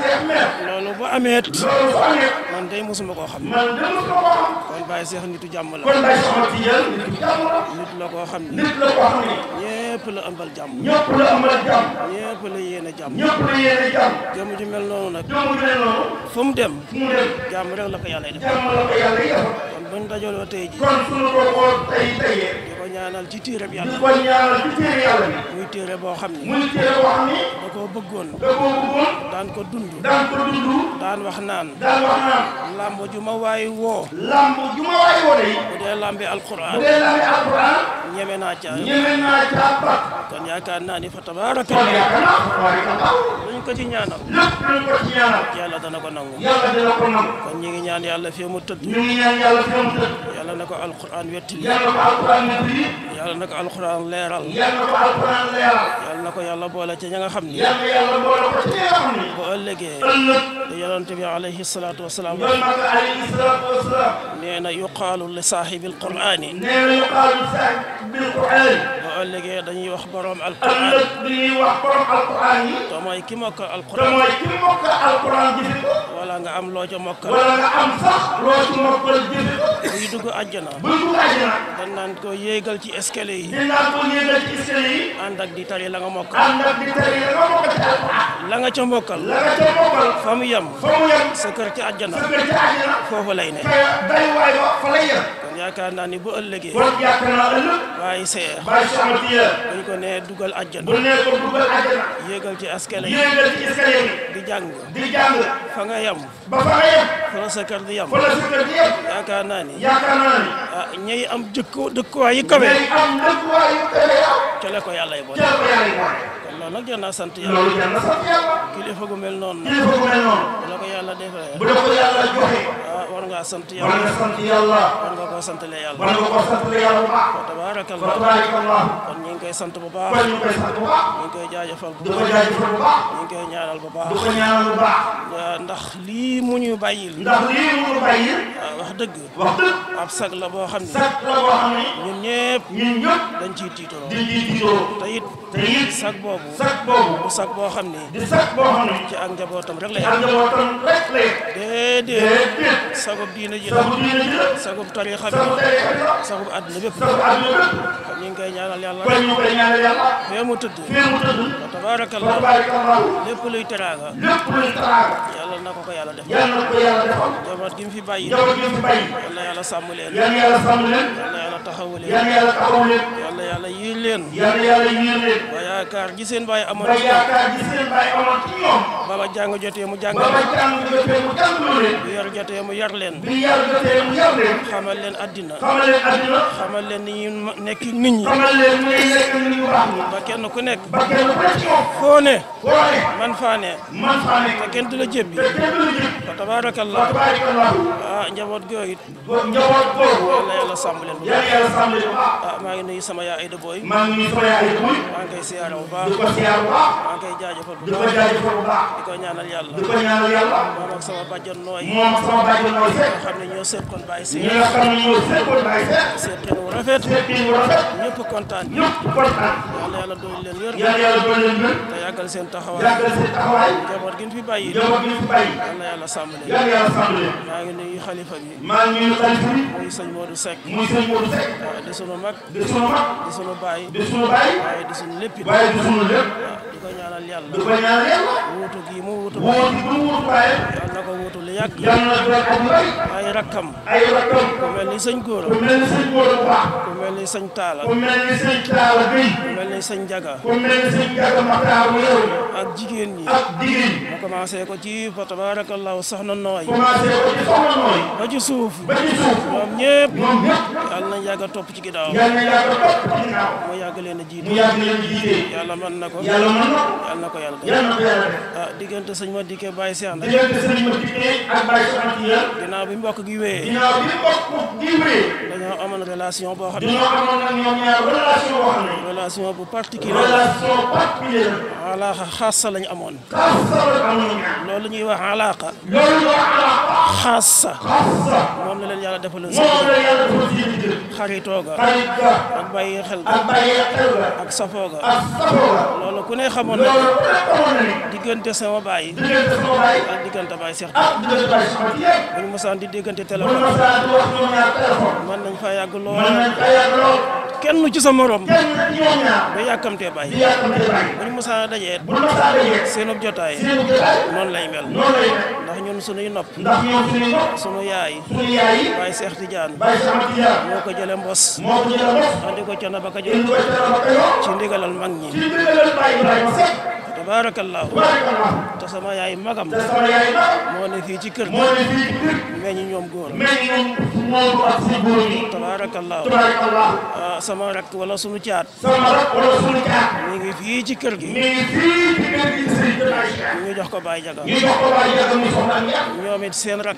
Seex mer. mosuma koo xam. man de mosuma nitu jàmm la. kon bàyyi Seex la. nit la koo xam ne. nit la ëmbal jàmm. ñëpp la ëmbal jàmm. ñëpp la yéene jàmm. ñëpp mel noonu nag. jëmm mu dem. fu mu la ko yàlla def. jàmm la ko yàlla def. tey ji. kon suñu boppoo ko ñaanal ci téereb ñaanal ci téere yàlla muy téere boo xam ne. muy téere boo xam ne. bëggoon. da koo bëggoon. daan ko dund. daan ko dund. daan wax naan. daan wax naan. lamb ju ma waay woo. lamb ju ma woo de. bu dee lambi alquran. ñeme naa caa. ñeme kon yaakaar naa ni fa tabaaraka. kon yaakaar naa fa tabaaraka. luñ ko ci ñaanal. lépp luñ ko ci ñaanal. yàlla dana ko nangu. kon ñu ñaan yàlla fii mu tëdd. ñaan yàlla fii mu na ko alquran wettali yàlla na ko alquran wettali yàlla na ko alquran leeral yàlla na ko alquran leeral yàlla na ko yàlla boole ca ña nga xam ni yàlla yàlla boole ko ca ña nga xam ni bu ëllëgee ëllëg yonent bi alayhi salaatu wasalaam alayhi salaatu wasalaam nee na yuqaalu li saahibi alqurani nee na yuqaalu li saahibi alqurani bu ëllëgee dañuy wax borom alquran ëllëg dañuy wax borom alquran yi te mooy ki mokk alquran te mooy ki mokk alquran wala nga am loo ca mokkal wala nga am sax loo ci mokkal jëfe àjjana buy dugg àjjana ko yéegal ci escalier yi dañ naan di tari la nga mokk di tari la ca mbokkal la ca mbokkal fa mu yem fa mu yem sa kër ci àjjana sa fa lay yem yaakaar naa ni bu ëllëgee. kon yaakaar naa ëllëg. bàyyi seex. bàyyi seex ma tiya. buñ ko nee dugal àjjana. buñ nee ko dugal àjjana. yéegal ci askale yi. yéegal ci askale yi. di jàng. di jàng. fa nga yem. ba fa nga yem. fa la sa kër di yem. fa la sa kër di yem. yaakaar naa ni. yaakaar naa ni. ah ñay am dëkku dëkkuwaay yu kawe. ñay am dëkkuwaay yu kawe yow. ca la ko yàlla yi boole. ca la ko yàlla yi boole. loolu nag jar naa sant yàlla loolu jar naa sant yàlla. kilifa gu mel noonu. kilifa gu mel noonu. bu la ko yàlla defee. bu la ko yàlla joxe. war ngaa sant yàlla war nga sant yàlla war nga koo santale yàlla war nga koo santale yàlla bu baax wa tabaarakallah tabaarakallah kon ñu ngi koy sant bu baax kon ñu ngi koy sant bu baax ñu ngi koy jaajëfal bu baax di ko jaajëfal bu baax ñu ngi koy ñaanal bu baax di ko ñaanal bu baax ndax lii mu ñu bàyyil ndax lii mu ñu bàyyil ah, wax dëgg wax dëgg ab sag la boo xam ne sag la boo xam ne ñun ñëpp ñun ñëpp dañ ciy tiitoo dañ ciy tiitoo te it te it sag boobu sag boobu bu sag boo xam ne di sag boo xam ne ci ak njabootam rek lay ak njabootam rek lay déedéet sagub diina ji la sagub tariixa bi sagub àdduna bépp kon ñu ngi koy ñaanal yàlla fee mu tëdd wa tabaarakallah lépp luy teraanga na ko yàlla def jamono gi mu sàmm leen yal na leen yal yiir leen yaakaar ji seen baay amoon. ba yaakaar ji seen baay amoon ci ñoom. baba jàng jotee mu jàngal leen. baba jàng jotee mu jàngal leen. bu yor jotee mu yar leen. bu yor jotee mu yar leen. xamal leen addina. xamal leen addina. xamal leen ni ñuy nekk nit ñi. xamal leen ni ñuy nekk nit ñi baax na. ba kenn ku nekk. ba kenn ku nekk ci moom. foo ne. foo ne. man faa ne. man faa ne. te kenn du la jébbi. te kenn du la jébbi. fa tabaarakallah. fa tabaarakallah. ah njaboot googu it. njaboot googu. yàlla yàlla sàmm leen. yàlla yàlla sàmm leen. ah maa ngi nuyu sama yaay Ayda Boy. maa ngi nuyu sama yaay Ayda Boy. maa ngi koy siyaar siyaare bu baax di ko siyaare bu baax. maa ngi koy jaajëfal bu baax di ko ñaanal yàlla di ko ñaanal yàlla. moom ak sama bàjjan nooy. moom ak sama bàjjan nooy fekk. ñi nga xam ne ñoo seqoon bàyyi seet. kontaan. ñëpp kontaan. yàlla yàlla doon leen seen taxawaay. yàggal seen taxawaay. njaboot gi ñu fi bàyyi. njaboot gi ñu fi bàyyi. yàlla di sunu mag. baay. di sunu baay. waaye bàyyi ci sunu lépp. di mu wuutu. ko wuutu lu yàgg. yàlla na ko mel ni sëñ Góora. ku mel ni sëñ Góora bu baax. jigéen ñi. ak mu commencé ko ci fa tabarakallahu soxna nooy. commencé suuf. nañ yàgg ci ginnaaw. yàlla mu yàgg leen a mu yàgg leen jiite. yàlla mën na ko yàlla mën na ko yàlla na ko yàlla yàlla na ko yàlla ah diggante sëñ ma dikkee bàyyi si ànd diggante sëñ ma dikkee ak bàyyi si ànd ya ginnaaw bi mbokk gi wéyee ginnaaw bi mbokk gi wéyee dañoo amoon relation boo xam ne dañoo amoon nag ñoom ñaar relation boo xam ne relation bu particulier relation particulier alaaxa xaasa lañu amoon. loolu ñuy wax alaaxa. loolu ñuy wax alaaxa. xaasa. moom la leen yàlla defaloon si. moom la yàlla defaloon si yéen jël. xaritooga. ak bàyyi xel ga. ak safooga. loolu ku ne xamoon na diggante sama baay. ak diggante baay Seex. bu ñu mosaan di diggante téléphone. mën nañ fa yàgg lool. kenn ci sa morom. kenn ci moom ñaar. ba yàkkamtee bàyyi. ba yàkkamtee bàyyi. bu ñu mosaa dajee. bu ñu mosaa jotaay. seenub jotaay. noonu lay ndax ñun sunuy nopp. ndax ñun sunuy yaay. sunu yaay yi. Baye Cheikh Tidiane. ko jëlee mbos. moo ko jëlee ba andi ko ci ndigalal mag ñi. tabarakallah te sama yaay magam moo ne fii ci kër meññ ñoom góor tabarakallah ah, sama rak wala sunu caat mi ngi fii ci kër gi ñu jox ko baay jaga ñoom it seen rak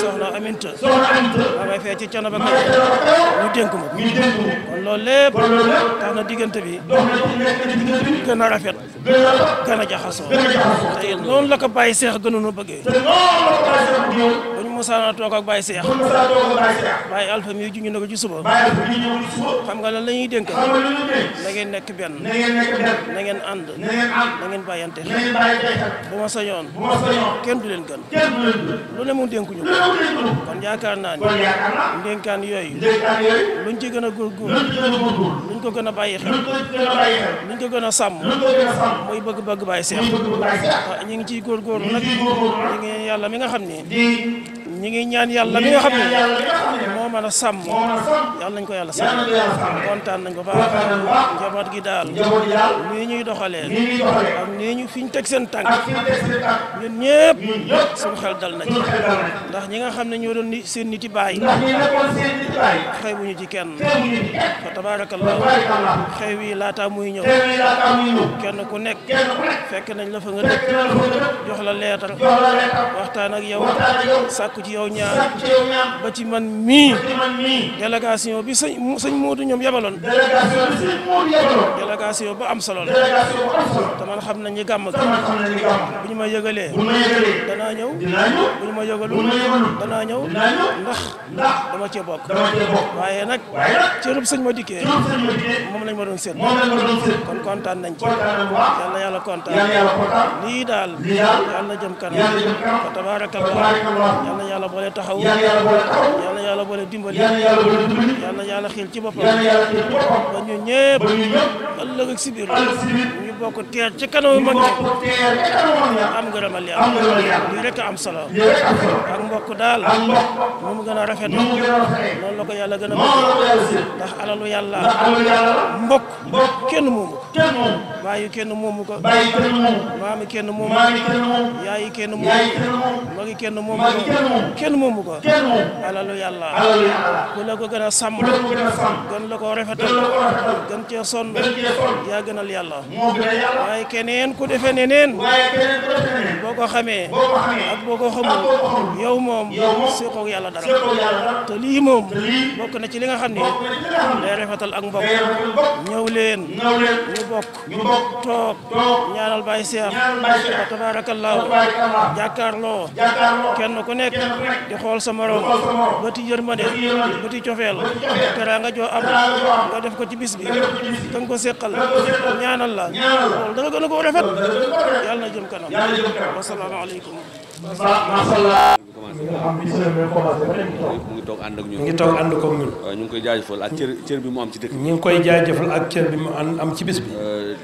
soxna aminta amay fee ci canaba ka ñu dénk ma kon loolu lépp tax na diggante bi gën a a rafet gën a jaxasoo te noonu la ko bàyyi seex gënoon a bëggee Moussa toog ak Baye Cheikh Baye Alpha mi juñu na ko ci suba xam nga lan la ñuy dénk na ngeen nekk benn na ngeen ànd na ngeen bàyyante bu ma sañoon kenn du leen gën lu ne mu dénkuñu ko kon yaakaar naa ni ndénkaan yooyu luñ ci gën a góorgóor luñ ko gën a bàyyi xel luñ ko gën a sàmm muy bëgg-bëgg Baye Cheikh ñu ngi ciy góorgóorlu nag ñu ngi yàlla mi nga xam ni ñi ngi ñaan yàlla mi nga xam ne moo mën a sàmm yàlla nañ ko yàlla sàmm kontaan nañ ko baax njaboot gi daal nii ñuy doxalee ak ñu fi ñu teg seen tànk ñun ñëpp suñu xel dal na ci ndax ñi nga xam ne ñoo doon seen niti baay xëy bu ñu ci kenn fa tabaarakallah xëy wi laata muy ñëw kenn ku nekk fekk nañ la fa nga dëkk jox la leetar waxtaan ak yow sàkku ci yow ñaan ba ci man mii délégation bi sëñ sëñ Moodu ñoom yabaloon délégation ba am solo la te man xam nañ ñi gàmm gi bu ñu ma yëgalee danaa ñëw bu ñu ma yëgalu danaa ñëw ndax dama cee bokk waaye nag cërub sëñ ma dikkee moom lañ ma doon seet kon kontaan nañ ci yal na kontaan lii daal yal na jëm kanam fa tabaarakallah yàlla boole taxaw yàlla yàlla boole taxaw yàlla yàlla boole dimbali yàlla yàlla boole dimbali yàlla xiil ci boppam yàlla yàlla xiil ci boppam ba ñu ñëpp ba ñu ñëpp ëllëg ak si boo ko teer ci kanamu mag ñi am ngërëmal yàlla lii rek am solo mbokk daal nu gën a rafet noonu la ko yàlla gën a ndax kenn moomu kenn moomu ko kenn moomu ko kenn moomu ko ko kenn ko gën a sàmm gën la ko rafetal gën cee sonn waaye keneen ku defe neneen boo ko xamee ak boo ko xamul yow moom seqoog yàlla dara te lii moom bokk na ci li nga xam ne day rafetal ak mbokk leen ñu bokk toog ñaanal Baye Cheikh wa tabaarakallaahu jàkkaarloo kenn ku nekk di xool sa morom bëti yërmande bëti cofeel teraanga joo am nga def ko ci bis bi danga ko seqal ñaanal la ñaanal la. gën a ko rafet. yàlla na jëm kanam. yàlla na jëm kanam. wasalaamaaleykum. macha mu ngi toog ànd ak ñun. mu ngi toog ànd ak ñun. ñu ngi koy jaajëfal ak cër cër bi mu am ci dëkk ñu ngi koy jaajëfal ak cër bi mu am ci bis bi. Uh,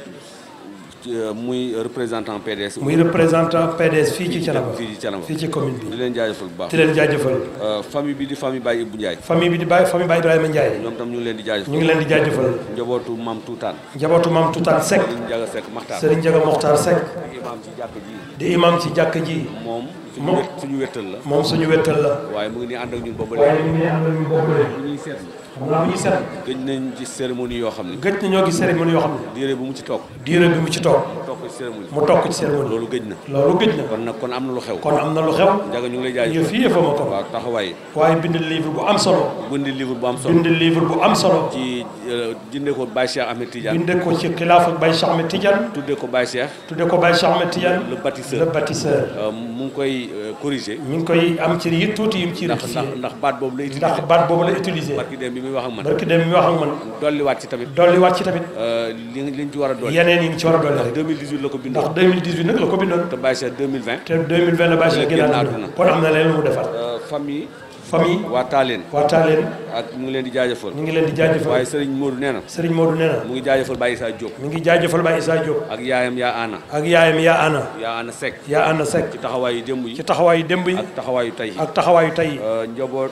Euh, muy représentant PDS. muy représentant PDS fii ci Thiénaba fii ci Thiénaba ci commune bi. di leen jaajëfal bu baax di leen jaajëfal. Euh, famille bi di famille Baye Ibou Ndiaye. famille bi di Baye famille Baye Ibrahima Ndiaye. ñoom tam ñu ngi leen di jaajëfal ñu ngi leen di jaajëfal. njabootu maam Toutaan. njabootu maam Toutaan Seck. Serigne Ndiaga Seck Makhtar Serigne Ndiaga Makhtar Seck. di imam ci jàkk ji. moom imam ci suñu wettal la moom suñu wettal la. waaye mu ngi nii ànd ak ñun boobu la waaye mu nii ànd xam nga set. gëj nañ ci cérémonie yoo xam ne. gëj nañoo gis cérémonie yoo xam ne. diire bu mu ci toog. diire bi mu ci toog. mu toog ci cérémonie. mu toog ci cérémonie. loolu gëj na. loolu gëj na. kon nag kon am na lu xew. kon am ko. waaw taxawaay. waaye am solo. bind livre bu am solo. bind livre bu euh, ko Baye Cheikh Ahmed ko ci xilaafa Baye Cheikh Ahmed Tidiane. tuddee ko Baye Cheikh. tuddee ko Baye Cheikh Ahmed Tidiane. le bâtisseur le bâtisseur. Euh, mu ngi koy euh, corriger. mi ngi koy am ci tuuti yim ci. ndax ndax baat boobu la utiliser bi muy euh, a a dolli rek 2018 la ko bindoon ndax 2018 nag la ko bindoon te Baye Cheikh 2020 mu defar euh, ngi leen di jaajëfal ñu ngi leen di jaajëfal waaye Serigne Modou nee na Serigne Modou nee mu ngi jaajëfal Baye saa Diop mu ngi jaajëfal Baye Issa Diop ak yaayam yaa Ana ak yaayam yaa Ana yaa Ana Seck yaa Ana Seck ci taxawaayu démb yi ci taxawaayu démb yi ak taxawaayu tey ak taxawaayu tey euh, njaboot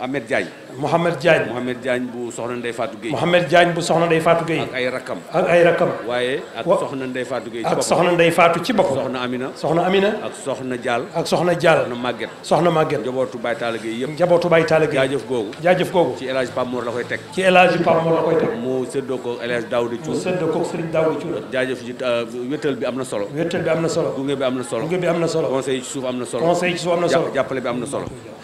Ahmed Diagne Mouhamed Diagne Mouhamed Diagne bu soxna Ndeye Fatou Gueye Mouhamed Diagne bu soxna Ndeye Fatou Gueye ak ay rakam ak rakam waaye ak soxna Ndeye Fatou Gueye ak soxna Ndeye Fatou ci boppam soxna Amina soxna Amina ak soxna jaal ak soxna Diall na màgget soxna Maguette njabootu Baye Talla Gueye yëpp njabootu Baye Talla Gueye jaajëf googu jaajëf googu ci El Hadj Pape Mor la koy teg ci mu séddoo ko El daaw Daouda Thioune mu séddoo ko Serigne jaajëf ji euh, wéttal bi am na solo wéttal bi am na solo gunge bi am na solo gunge bi am na solo conseil ci suuf am na solo conseil ci suuf am na bi am na solo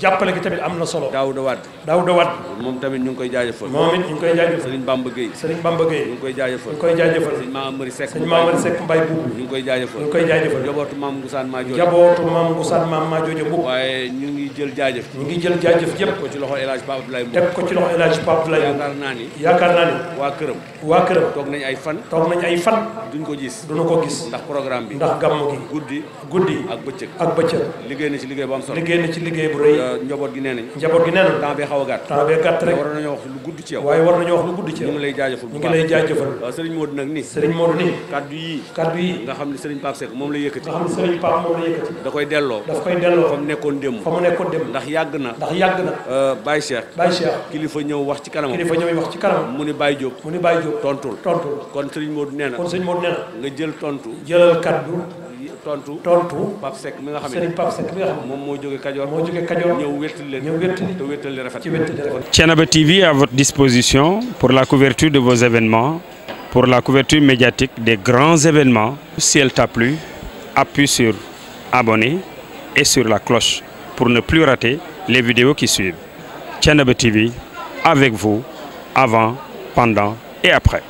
jàppale gi tamit am na solo. Daouda Wade. Daouda Wade. moom tamit ñu ngi koy jaajëfal. moom it ñu ngi koy jaajëfal. Serigne Bamba ñu ngi koy jaajëfal. ñu ngi koy jaajëfal. Serigne Maamari Seck. Serigne Maamari Seck Mbaye Boubou. ñu ngi koy jaajëfal. ñu ngi koy jaajëfal. jabootu maam Ngusaan maa maam maa jooja Boubou. waaye ñu ngi jël jaajëf. ñu ngi jël jaajëf yëpp. ko ci loxo El Hadj Pape Abdoulaye Mbow. teg ko ci loxo El Hadj Pape Abdoulaye Mbow. yaakaar naa ni. yaakaar naa ni. waa këram. toog nañ ay fan. toog nañ ay fan. duñ ko gis. duñu ko gis. ndax programme bi. ndax gàmmu gi. guddi. guddi ak bëccëg. ak bëccëg. liggéey na ci liggéey bu am solo. liggéey bu rëy euh, njaboot gi nee njaboot gi nee temps bi a gàtt temps bi gàtt rek wax lu gudd ci yow waaye war nañoo wax lu gudd ci yow ñu ngi lay jaajëfal ñu ngi lay nag nii sëriñ Modou nii kaddu yii kaddu yii nga xam ne sëriñ Pape Seck moom la yëkkati nga xam ne sëriñ Pape moom la yëkkati da koy delloo daf koy delloo fa mu nekkoon démb fa mu nekkoon démb ndax yàgg na ndax yàgg na euh, Baye Cheikh Baye Cheikh kilifa ñëw wax ci kanamam kilifa ñëw wax ci kanamam mu ni Baye Diop mu ni Baye Diop tontul tontul kon sëriñ Modou nee na kon sëriñ Modou nee na nga tontu tontu Pape Seck mi nga xam ne Serigne moom moo jóge Kajoor moo jóge Kajoor ñëw wéttali leen ñëw wéttali te wéttali leen rafet ci wéttali TV à votre disposition pour la couverture de vos événements pour la couverture médiatique des grands événements si elle t'a plu appuie sur abonner et sur la cloche pour ne plus rater les vidéos qui suivent Thiénaba TV avec vous avant pendant et après